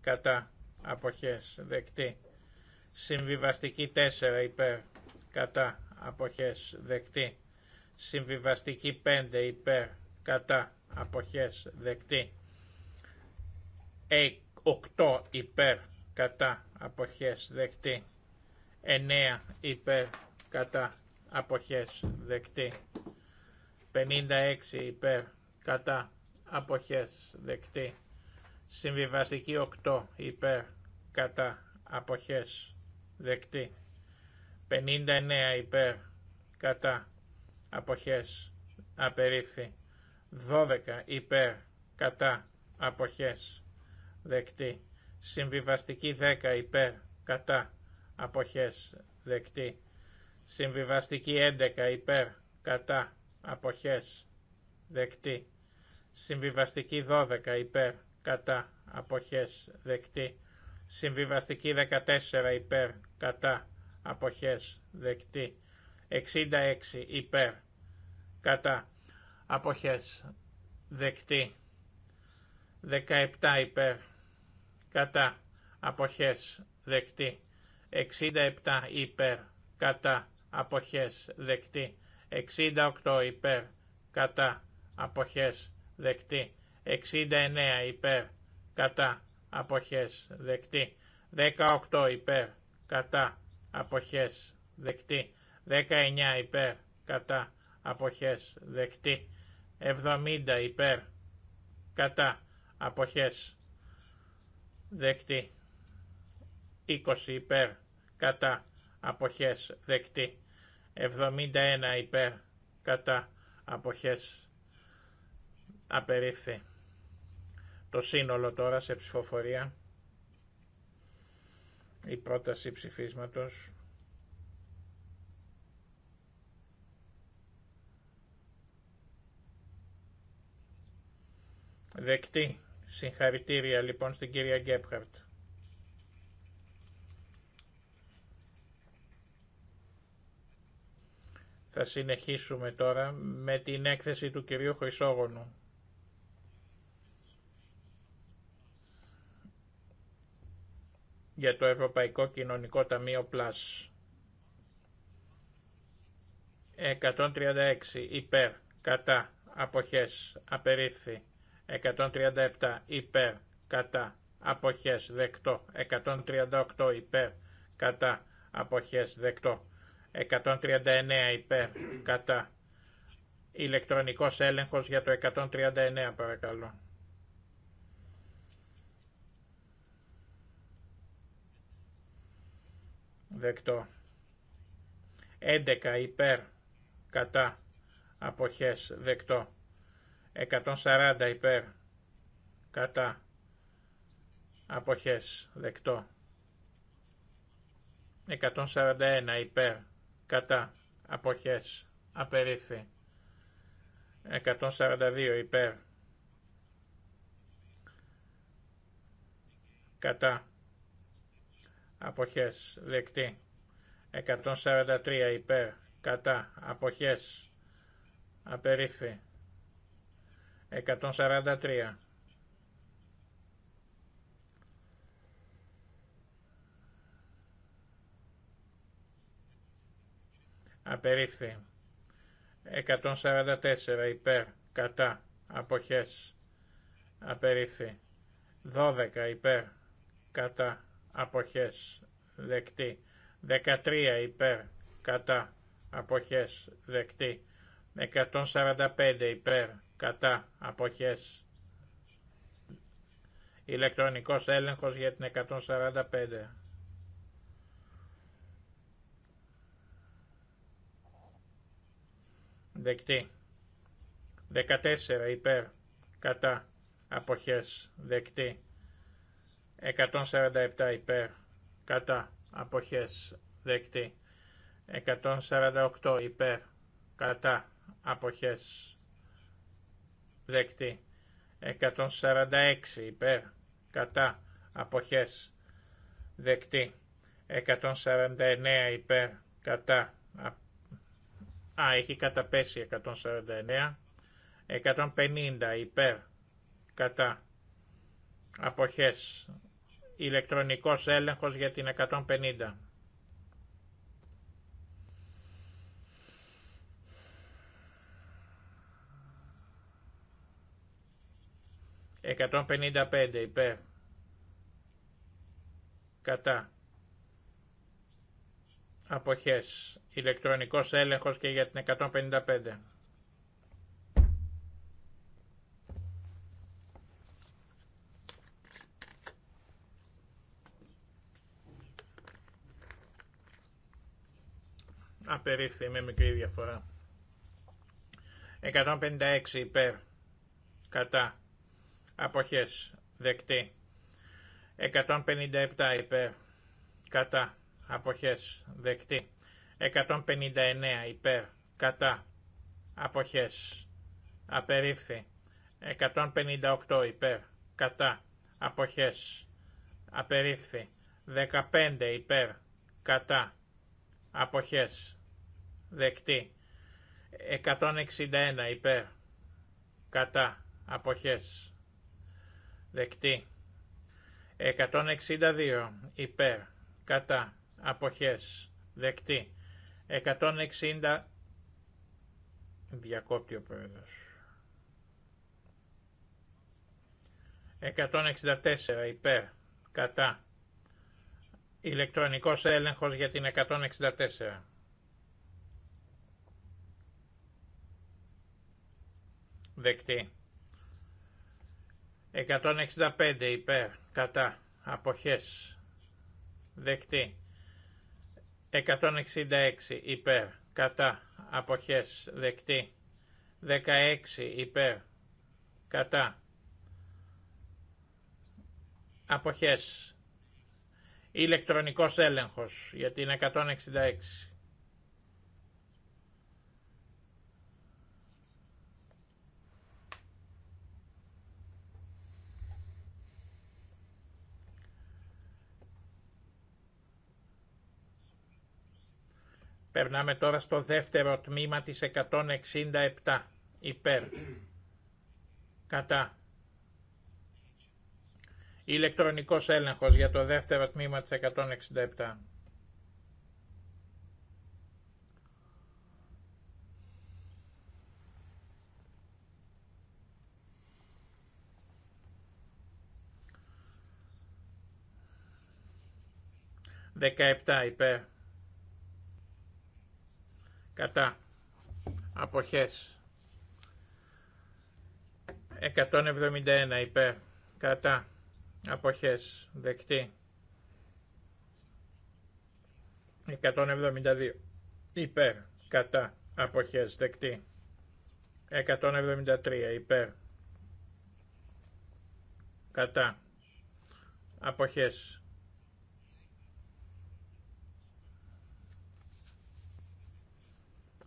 Κατά. Αποχές. Δεκτή. Συμβιβαστική 4 υπέρ. Κατά. Αποχές. Δεκτή. Συμβιβαστική 5 υπέρ. Κατά. Αποχές. Δεκτή. 8 υπέρ. Κατά. Αποχές. Δεκτή. 9 υπέρ. Κατά. Αποχές. Δεκτή. 56 υπέρ κατά αποχές δεκτή. Συμβιβαστική 8 υπέρ κατά αποχές δεκτή. 59 υπέρ κατά αποχές απερίφθη. 12 υπέρ κατά αποχές δεκτή. Συμβιβαστική 10 υπέρ κατά αποχές δεκτή. Συμβιβαστική 11 υπέρ κατά αποχές δεκτή. Συμβιβαστική 12 υπέρ κατά αποχές δεκτή. Συμβιβαστική 14 υπέρ κατά αποχές δεκτή. 66 υπέρ κατά αποχές δεκτή. 17 υπέρ κατά αποχές δεκτή. 67 υπέρ κατά αποχές δεκτή. 68 υπέρ κατά αποχές δεκτή. 69 υπέρ, κατά, αποχές, δεκτή. 18 υπέρ, κατά, αποχές, δεκτή. 19 υπέρ, κατά, αποχές, δεκτή. 70 υπέρ, κατά, αποχές, δεκτή. 20 υπέρ, κατά, αποχές, δεκτή. 71 υπέρ, κατά, αποχές, Απερίφθη. Το σύνολο τώρα σε ψηφοφορία. Η πρόταση ψηφίσματος. Δεκτή. Συγχαρητήρια λοιπόν στην κυρία Γκέπχαρτ. Θα συνεχίσουμε τώρα με την έκθεση του κυρίου Χρυσόγονου. για το Ευρωπαϊκό Κοινωνικό Ταμείο Plus. 136 υπέρ, κατά, αποχές, απερίφθη. 137 υπέρ, κατά, αποχές, δεκτό. 138 υπέρ, κατά, αποχές, δεκτό. 139 υπέρ, κατά. Ηλεκτρονικός έλεγχος για το 139 παρακαλώ. δεκτό. 11 υπέρ κατά αποχές δεκτό. 140 υπέρ κατά αποχές δεκτό. 141 υπέρ κατά αποχές απερίφθη. 142 υπέρ κατά αποχές δεκτή 143 υπέρ κατά αποχές απερίφη 143 απερίφθη 144 υπέρ κατά αποχές απερίφθη 12 υπέρ κατά αποχές δεκτή. 13 υπέρ κατά αποχές δεκτή. 145 υπέρ κατά αποχές. Ηλεκτρονικός έλεγχος για την 145. Δεκτή. 14 υπέρ κατά αποχές δεκτή. 147 υπέρ κατά αποχές δεκτή 148 υπέρ κατά αποχές δεκτή 146 υπέρ κατά αποχές δεκτή 149 υπέρ κατά α, έχει καταπέσει 149 150 υπέρ κατά αποχές ηλεκτρονικός έλεγχος για την 150. 155 πενήντα υπέρ. Κατά. Αποχές. Ηλεκτρονικός έλεγχος και για την 155. Απερίφθη με μικρή διαφορά. 156 υπέρ. Κατά. Αποχές. Δεκτή. 157 υπέρ. Κατά. Αποχές. Δεκτή. 159 υπέρ. Κατά. Αποχές. Απερίφθη. 158 υπέρ. Κατά. Αποχές. Απερίφθη. 15 υπέρ. Κατά. Αποχές δεκτή. 161 υπέρ, κατά, αποχές, δεκτή. 162 υπέρ, κατά, αποχές, δεκτή. 160 διακόπτει ο πρόεδρος. 164 υπέρ, κατά, ηλεκτρονικός έλεγχος για την 164. δεκτή. 165 υπέρ, κατά, αποχές, δεκτή. 166 υπέρ, κατά, αποχές, δεκτή. 16 υπέρ, κατά, αποχές. Ηλεκτρονικός έλεγχος για την 166. Περνάμε τώρα στο δεύτερο τμήμα της 167. Υπέρ. Κατά. Ηλεκτρονικός έλεγχος για το δεύτερο τμήμα της 167. 17 υπέρ κατά αποχές 171 υπέρ κατά αποχές δεκτή 172 υπέρ κατά αποχές δεκτή 173 υπέρ κατά αποχές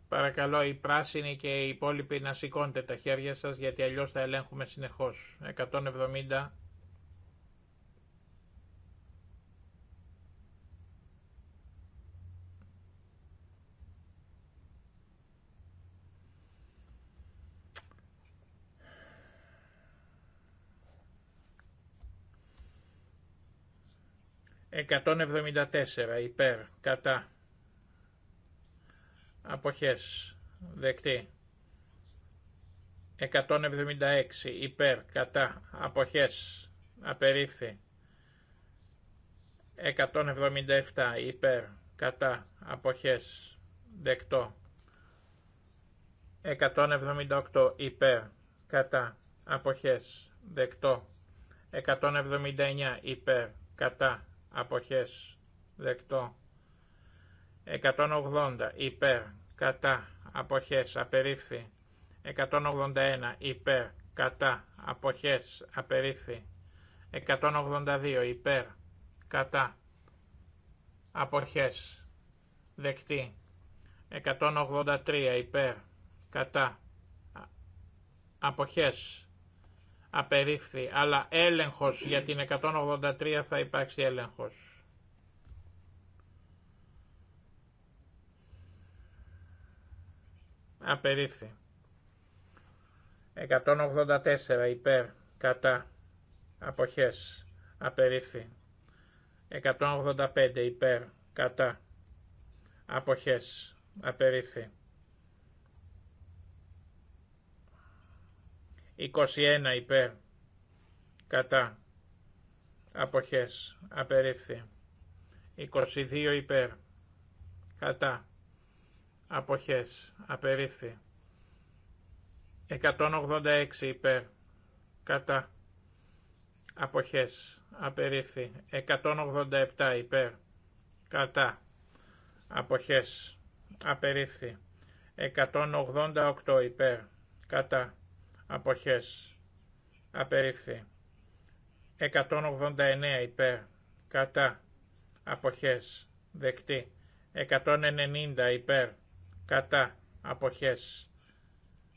Παρακαλώ οι πράσινοι και οι υπόλοιποι να σηκώνετε τα χέρια σας γιατί αλλιώς θα ελέγχουμε συνεχώς. 170. Εκατόν υπέρ, κατά, αποχές δεκτή 176 υπέρ κατά αποχές απερίφθη 177 υπέρ κατά αποχές δεκτό 178 υπέρ κατά αποχές δεκτό 179 υπέρ κατά αποχές δεκτό 180 υπέρ κατά αποχές απερίφθη 181 υπέρ κατά αποχές απερίφθη 182 υπέρ κατά αποχές δεκτή 183 υπέρ κατά αποχές απερίφθη αλλά έλεγχος για την 183 θα υπάρξει έλεγχος Απερίφθη. 184 υπέρ κατά αποχές. Απερίφθη. 185 υπέρ κατά αποχές. Απερίφθη. 21 υπέρ κατά αποχές. Απερίφθη. 22 υπέρ κατά αποχές, απερίφθη. 186 υπέρ, κατά, αποχές, απερίφθη. 187 υπέρ, κατά, αποχές, απερίφθη. 188 υπέρ, κατά, αποχές, απερίφθη. 189 υπέρ, κατά, αποχές, δεκτή. 190 υπέρ, κατά αποχές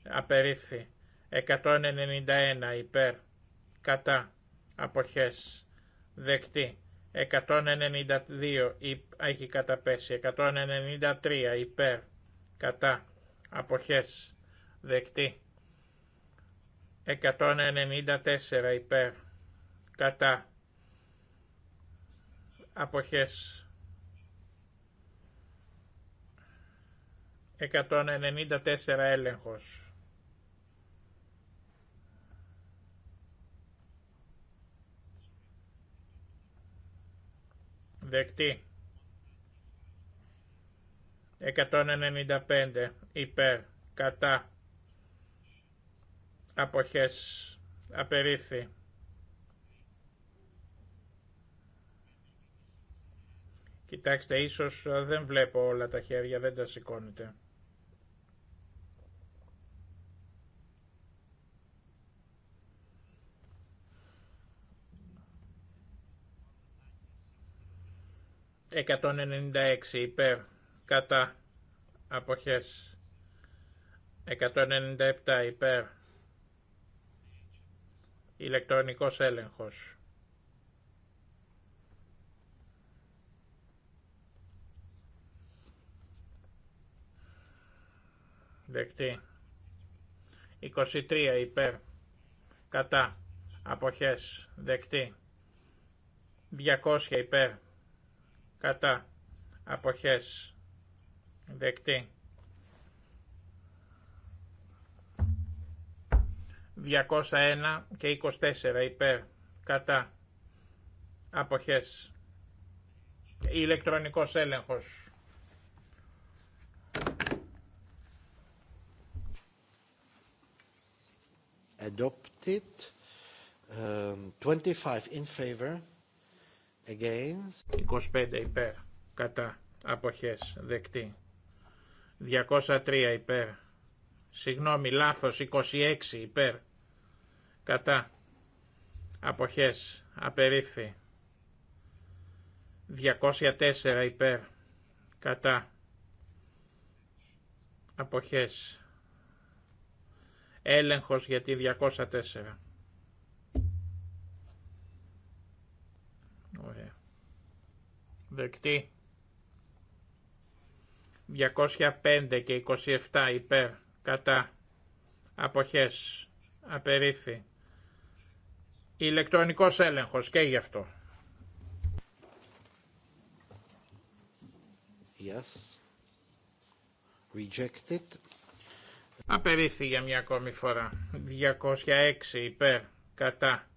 απερίφθη 191 υπέρ κατά αποχές δεκτή 192 έχει καταπέσει 193 υπέρ κατά αποχές δεκτή 194 υπέρ κατά αποχές 194 έλεγχος. Δεκτή. 195 υπέρ, κατά, αποχές, απερίφθη. Κοιτάξτε, ίσως δεν βλέπω όλα τα χέρια, δεν τα σηκώνετε. 196 υπέρ κατά αποχές 197 υπέρ ηλεκτρονικός έλεγχος δεκτή 23 υπέρ κατά αποχές δεκτή 200 υπέρ κατά αποχές δεκτή 201 και 24 υπέρ κατά αποχές ηλεκτρονικός έλεγχος adopted um, 25 in favor 25 υπέρ. Κατά. Αποχές. Δεκτή. 203 υπέρ. Συγγνώμη, λάθος. 26 υπέρ. Κατά. Αποχές. Απερίφθη. 204 υπέρ. Κατά. Αποχές. Έλεγχος γιατί 204. δεκτή. 205 και 27 υπέρ, κατά, αποχές, απερίφθη. Ηλεκτρονικός έλεγχος και γι' αυτό. Yes. Rejected. για μια ακόμη φορά. 206 υπέρ, κατά,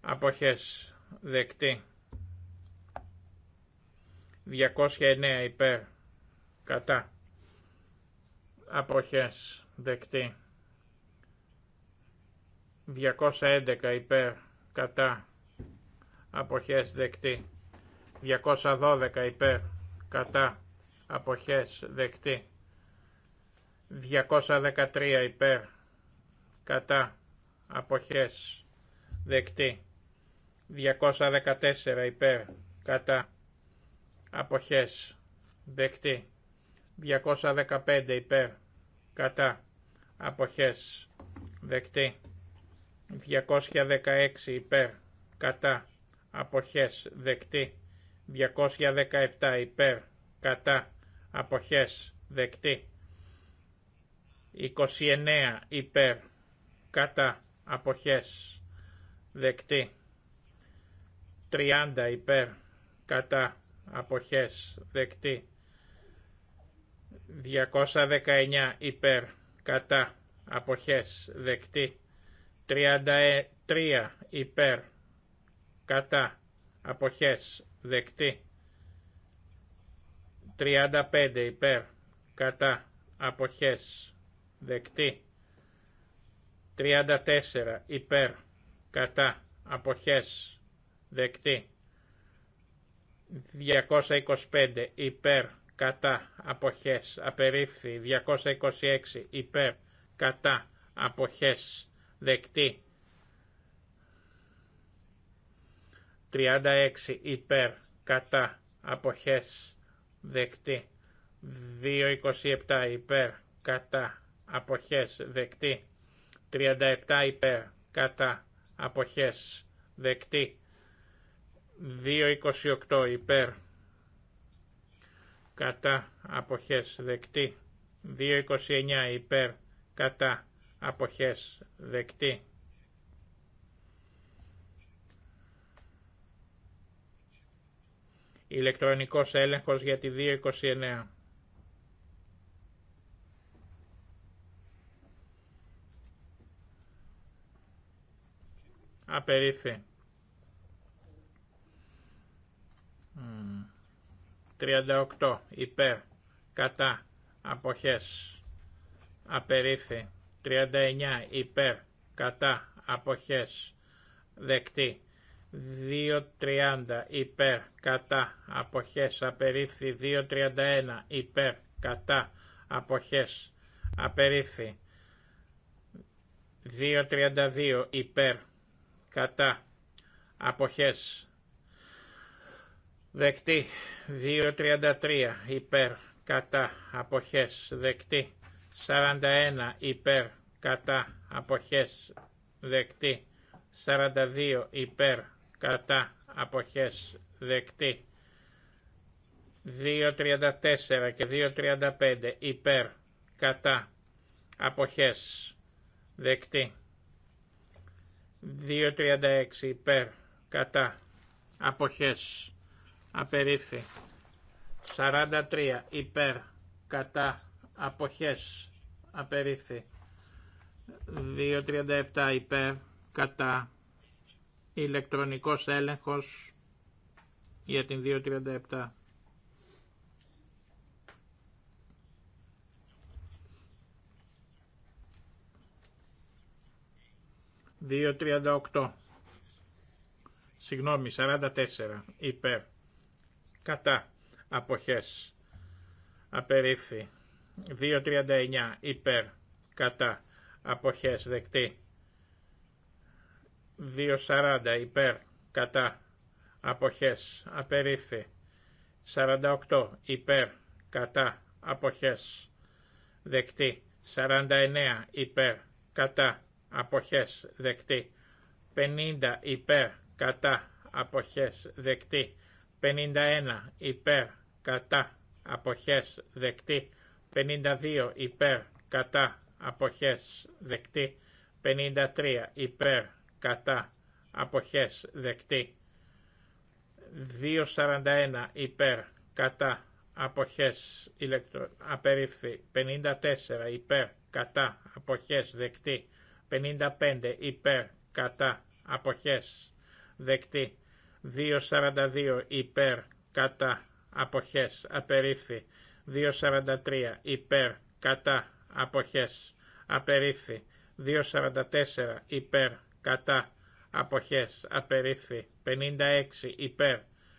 αποχές, δεκτή. 209 υπέρ κατά αποχές δεκτή 211 υπέρ κατά αποχές δεκτή 212 υπέρ κατά αποχές δεκτή 213 υπέρ κατά αποχές δεκτή 214 υπέρ κατά αποχές δεκτή 215 υπέρ κατά αποχές δεκτή 216 υπέρ κατά αποχές δεκτή 217 υπέρ κατά αποχές δεκτή 29 υπέρ κατά αποχές δεκτή 30 υπέρ κατά αποχές δεκτή 219 υπέρ κατά αποχές δεκτή 33 υπέρ κατά αποχές δεκτή 35 υπέρ κατά αποχές δεκτή 34 υπέρ κατά αποχές δεκτή 225 υπέρ κατά αποχές απερίφθη 226 υπέρ κατά αποχές δεκτή 36 υπέρ κατά αποχές δεκτή 227 υπέρ κατά αποχές δεκτή 37 υπέρ κατά αποχές δεκτή 2.28 υπέρ κατά αποχές δεκτή 2.29 υπέρ κατά αποχές δεκτή ηλεκτρονικός έλεγχος για τη 2.29 Απερίφη. 38 υπέρ κατά αποχές απερίφθη 39 υπέρ κατά αποχές δεκτή 2.30 υπέρ κατά αποχές απερίφθη 2.31 υπέρ κατά αποχές απερίφθη 2.32 υπέρ κατά αποχές Δεκτή. 2.33 υπέρ κατά αποχές. Δεκτή. 41 υπέρ κατά αποχές. Δεκτή. 42 υπέρ κατά αποχές. Δεκτή. 2.34 και 2.35 υπέρ κατά αποχές. Δεκτή. 2.36 υπέρ κατά αποχές απερίφθη. 43 υπέρ κατά αποχές απερίφθη. 2.37 υπέρ κατά ηλεκτρονικός έλεγχος για την 2.37. Δύο Συγγνώμη, 44 υπέρ κατά, αποχές, απερίφθη. 2.39 υπέρ, κατά, αποχές, δεκτή. 2.40 υπέρ, κατά, αποχές, απερίφθη. 48 υπέρ, κατά, αποχές, δεκτή. 49 υπέρ, κατά, αποχές, δεκτή. 50 υπέρ, κατά, αποχές, δεκτή. 51 υπέρ κατά αποχές δεκτή 52 υπέρ κατά αποχές δεκτή 53 υπέρ κατά αποχές δεκτή 241 υπέρ κατά αποχές ηλεκτρο... απερίφθη 54 υπέρ κατά αποχές δεκτή 55 υπέρ κατά αποχές δεκτή 2.42 υπέρ κατά αποχές απερίφθη. 2.43 υπέρ κατά αποχές απερίφθη. 2.44 υπέρ κατά αποχές απερίφθη. 56 υπέρ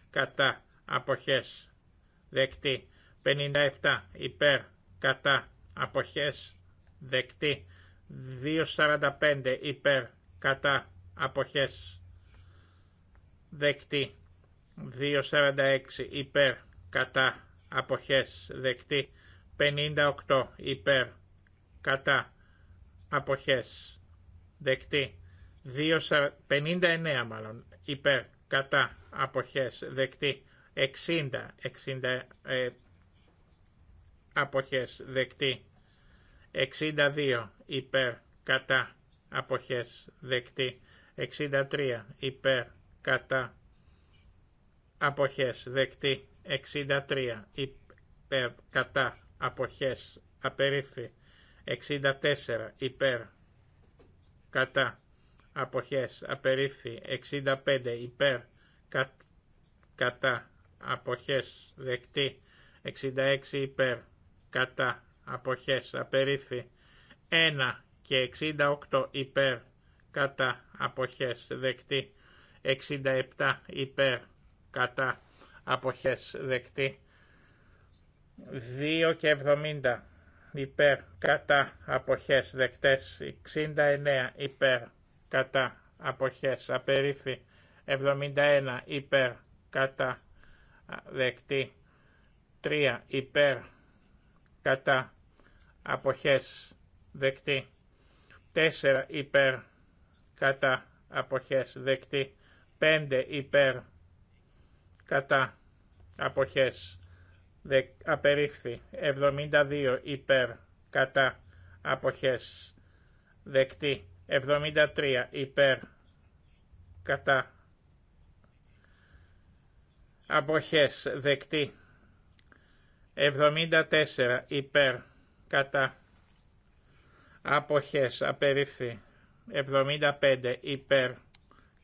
κατά αποχές δεκτή. 57 υπέρ κατά αποχές δεκτή. 2.45 υπέρ κατά αποχές δεκτή. 2.46 υπέρ κατά αποχές δεκτή. 58 υπέρ κατά αποχές δεκτή. 59 μάλλον υπέρ κατά αποχές δεκτή. 60, 60 ε, αποχές δεκτή. 62 υπέρ κατά αποχές δεκτή. 63 υπέρ κατά αποχές δεκτή 63 ε, υπέρ κατά αποχές απερίφθη 64 υπέρ κατά αποχές απερίφθη 65 υπέρ κα, κατά αποχές δεκτή 66 υπέρ κατά αποχές απερίφθη 1 και 68 υπέρ κατά αποχές δεκτή 67 υπέρ κατά αποχές δεκτή 2 και 70 υπέρ κατά αποχές δεκτές 69 υπέρ κατά αποχές απερίφη 71 υπέρ κατά δεκτή 3 υπέρ κατά αποχές δεκτή 4 υπέρ κατά αποχές δεκτή 5 υπέρ κατά αποχές απερίφθη 72 υπέρ κατά αποχές δεκτή 73 υπέρ κατά αποχές δεκτή 74 υπέρ κατά αποχές απερίφθη 75 υπέρ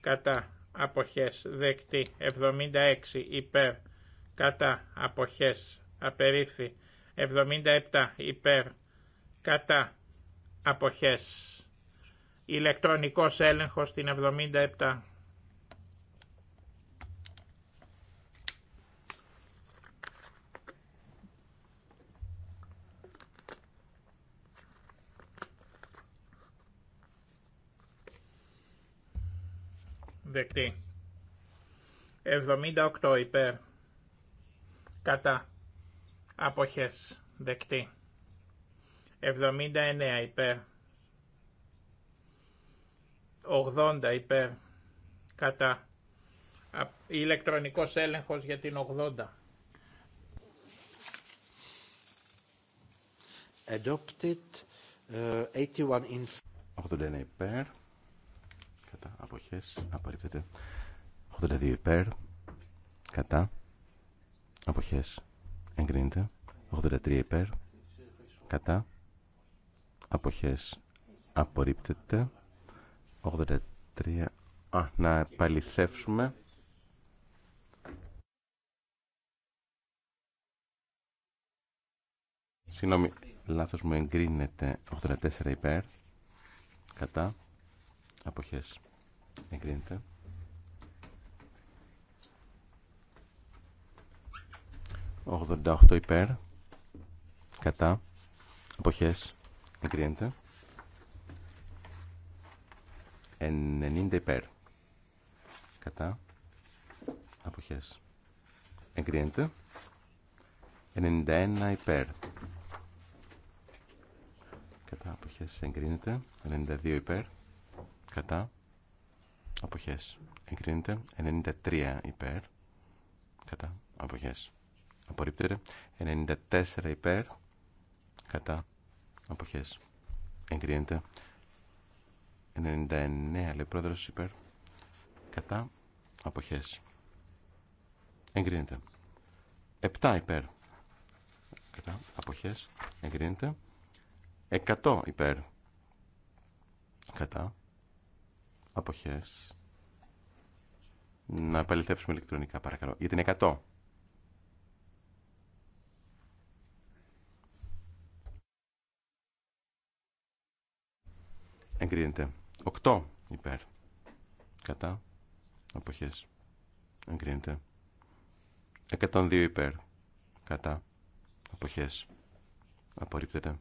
κατά αποχές δεκτή 76 υπέρ κατά αποχές απερίφθη 77 υπέρ κατά αποχές ηλεκτρονικός έλεγχος την 77 δεκτή. 78 υπέρ κατά αποχές δεκτή. 79 υπέρ 80 υπέρ κατά ηλεκτρονικός έλεγχος για την 80. Adopted ε, 81 in 81 υπέρ αποχές απορρίπτεται 82 υπέρ κατά αποχές εγκρίνεται 83 υπέρ κατά αποχές απορρίπτεται 83 Α, να επαληθεύσουμε Συγγνώμη, λάθος μου εγκρίνεται 84 υπέρ κατά αποχές εγκρίνεται. 88 υπέρ, κατά, αποχές, εγκρίνεται. 90 υπέρ, κατά, αποχές, εγκρίνεται. 91 υπέρ, κατά, αποχές, εγκρίνεται. 92 υπέρ, κατά, αποχές εγκρίνεται 93 υπέρ κατά αποχές απορρίπτεται 94 υπέρ κατά αποχές εγκρίνεται 99 λέει πρόεδρος υπέρ κατά αποχές εγκρίνεται 7 υπέρ κατά αποχές εγκρίνεται 100 υπέρ κατά αποχές. Να επαληθεύσουμε ηλεκτρονικά παρακαλώ. Για την 100. Εγκρίνεται. 8 υπέρ. Κατά. Αποχές. Εγκρίνεται. 102 υπέρ. Κατά. Αποχές. Απορρίπτεται.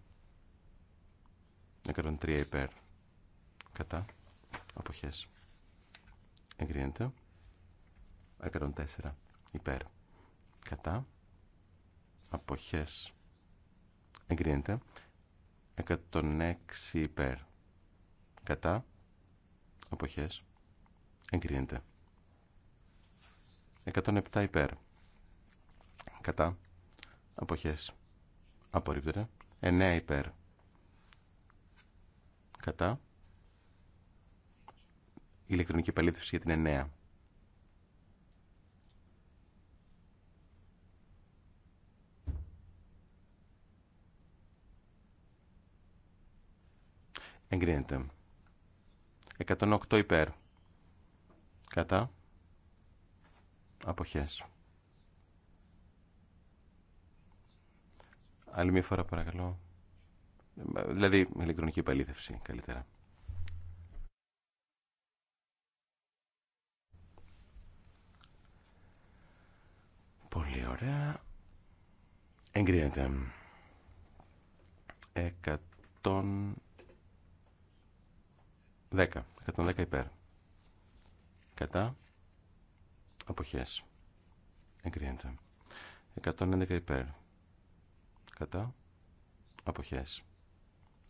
103 υπέρ. Κατά αποχές εγκρίνεται 104 υπέρ κατά αποχές εγκρίνεται 106 υπέρ κατά αποχές εγκρίνεται 107 υπέρ κατά αποχές απορρίπτεται 9 υπέρ κατά ηλεκτρονική επαλήθευση για την 9. Εγκρίνεται. 108 υπέρ. Κατά. Αποχές. Άλλη μία φορά παρακαλώ. Ε, δηλαδή ηλεκτρονική επαλήθευση καλύτερα. Πολύ ωραία. Εγκρίνεται. 110. 110 υπέρ. Κατά. Αποχές. Εγκρίνεται. 111 υπέρ. Κατά. Αποχές.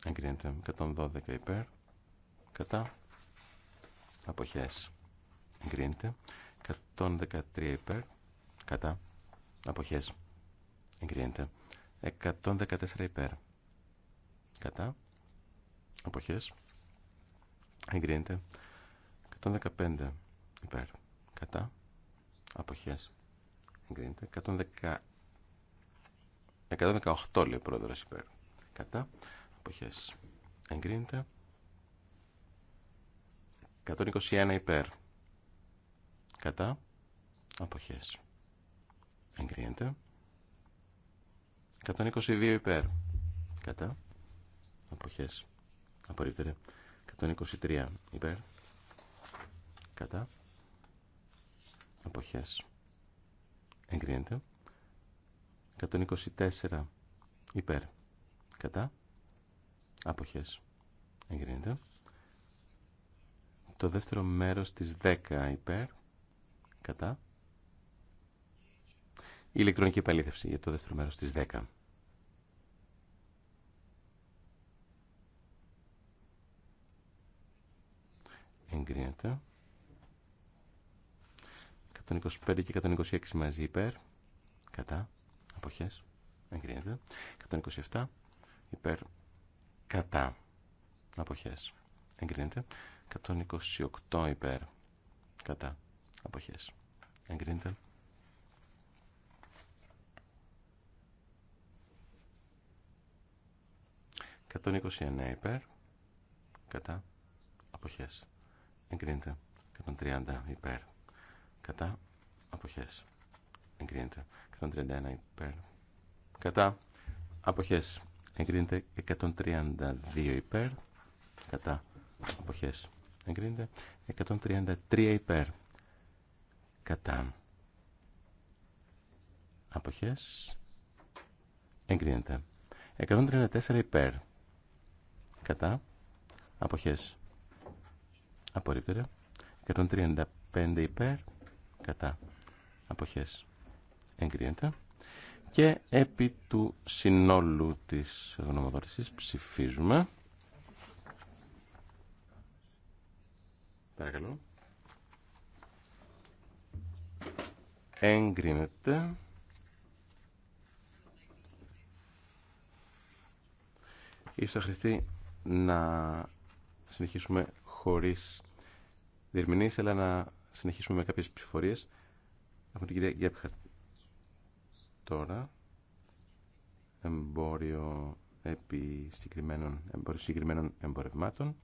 Εγκρίνεται. 112 υπέρ. Κατά. Αποχές. Εγκρίνεται. 113 υπέρ. Κατά. Αποχές. Εγκρίνεται. 114 υπέρ. Κατά. Αποχές. Εγκρίνεται. 115 υπέρ. Κατά. Αποχές. Εγκρίνεται. 110... 118 λέει ο πρόεδρος υπέρ. Κατά. Αποχές. Εγκρίνεται. 121 υπέρ. Κατά. Αποχές. Εγκρίνεται. 122 υπέρ. Κατά. Αποχές. Απορρίπτεται. 123 υπέρ. Κατά. Αποχές. Εγκρίνεται. 124 υπέρ. Κατά. Αποχές. Εγκρίνεται. Το δεύτερο μέρος της 10 υπέρ. Κατά. Η ηλεκτρονική επαλήθευση για το δεύτερο μέρος της 10. Εγκρίνεται. 125 και 126 μαζί υπέρ. Κατά. Αποχές. Εγκρίνεται. 127 υπέρ. Κατά. Αποχές. Εγκρίνεται. 128 υπέρ. Κατά. Αποχές. Εγκρίνεται. 129 υπέρ, κατά, αποχές. Εγκρίνεται. 130 υπέρ, κατά, αποχές. Εγκρίνεται. 131 υπέρ, κατά, αποχές. Εγκρίνεται. 132 υπέρ, κατά, αποχές. Εγκρίνεται. 133 υπέρ, κατά, αποχές. Εγκρίνεται. 134 υπέρ, κατά αποχές απόρριπτερα 135 υπέρ κατά αποχές εγκρίνεται και επί του συνόλου της γνωμοδότησης ψηφίζουμε παρακαλώ εγκρίνεται η να συνεχίσουμε χωρίς διερμηνείς, αλλά να συνεχίσουμε με κάποιες ψηφορίες. Έχουμε την κυρία Γκέπχαρτ τώρα. Εμπόριο επί συγκεκριμένων, εμπόριο συγκεκριμένων εμπορευμάτων.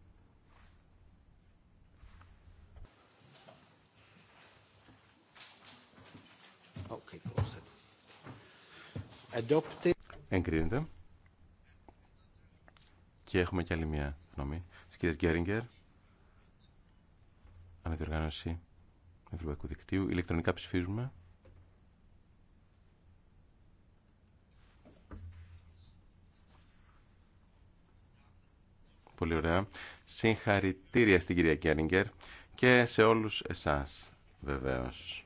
Okay, Εγκρίνεται. Και έχουμε και άλλη μια γνώμη τη κυρία Γκέριγκερ. Αναδιοργάνωση Ευρωπαϊκού Δικτύου. Ηλεκτρονικά ψηφίζουμε. Πολύ ωραία. Συγχαρητήρια στην κυρία Κέρνιγκερ και σε όλους εσάς βεβαίως.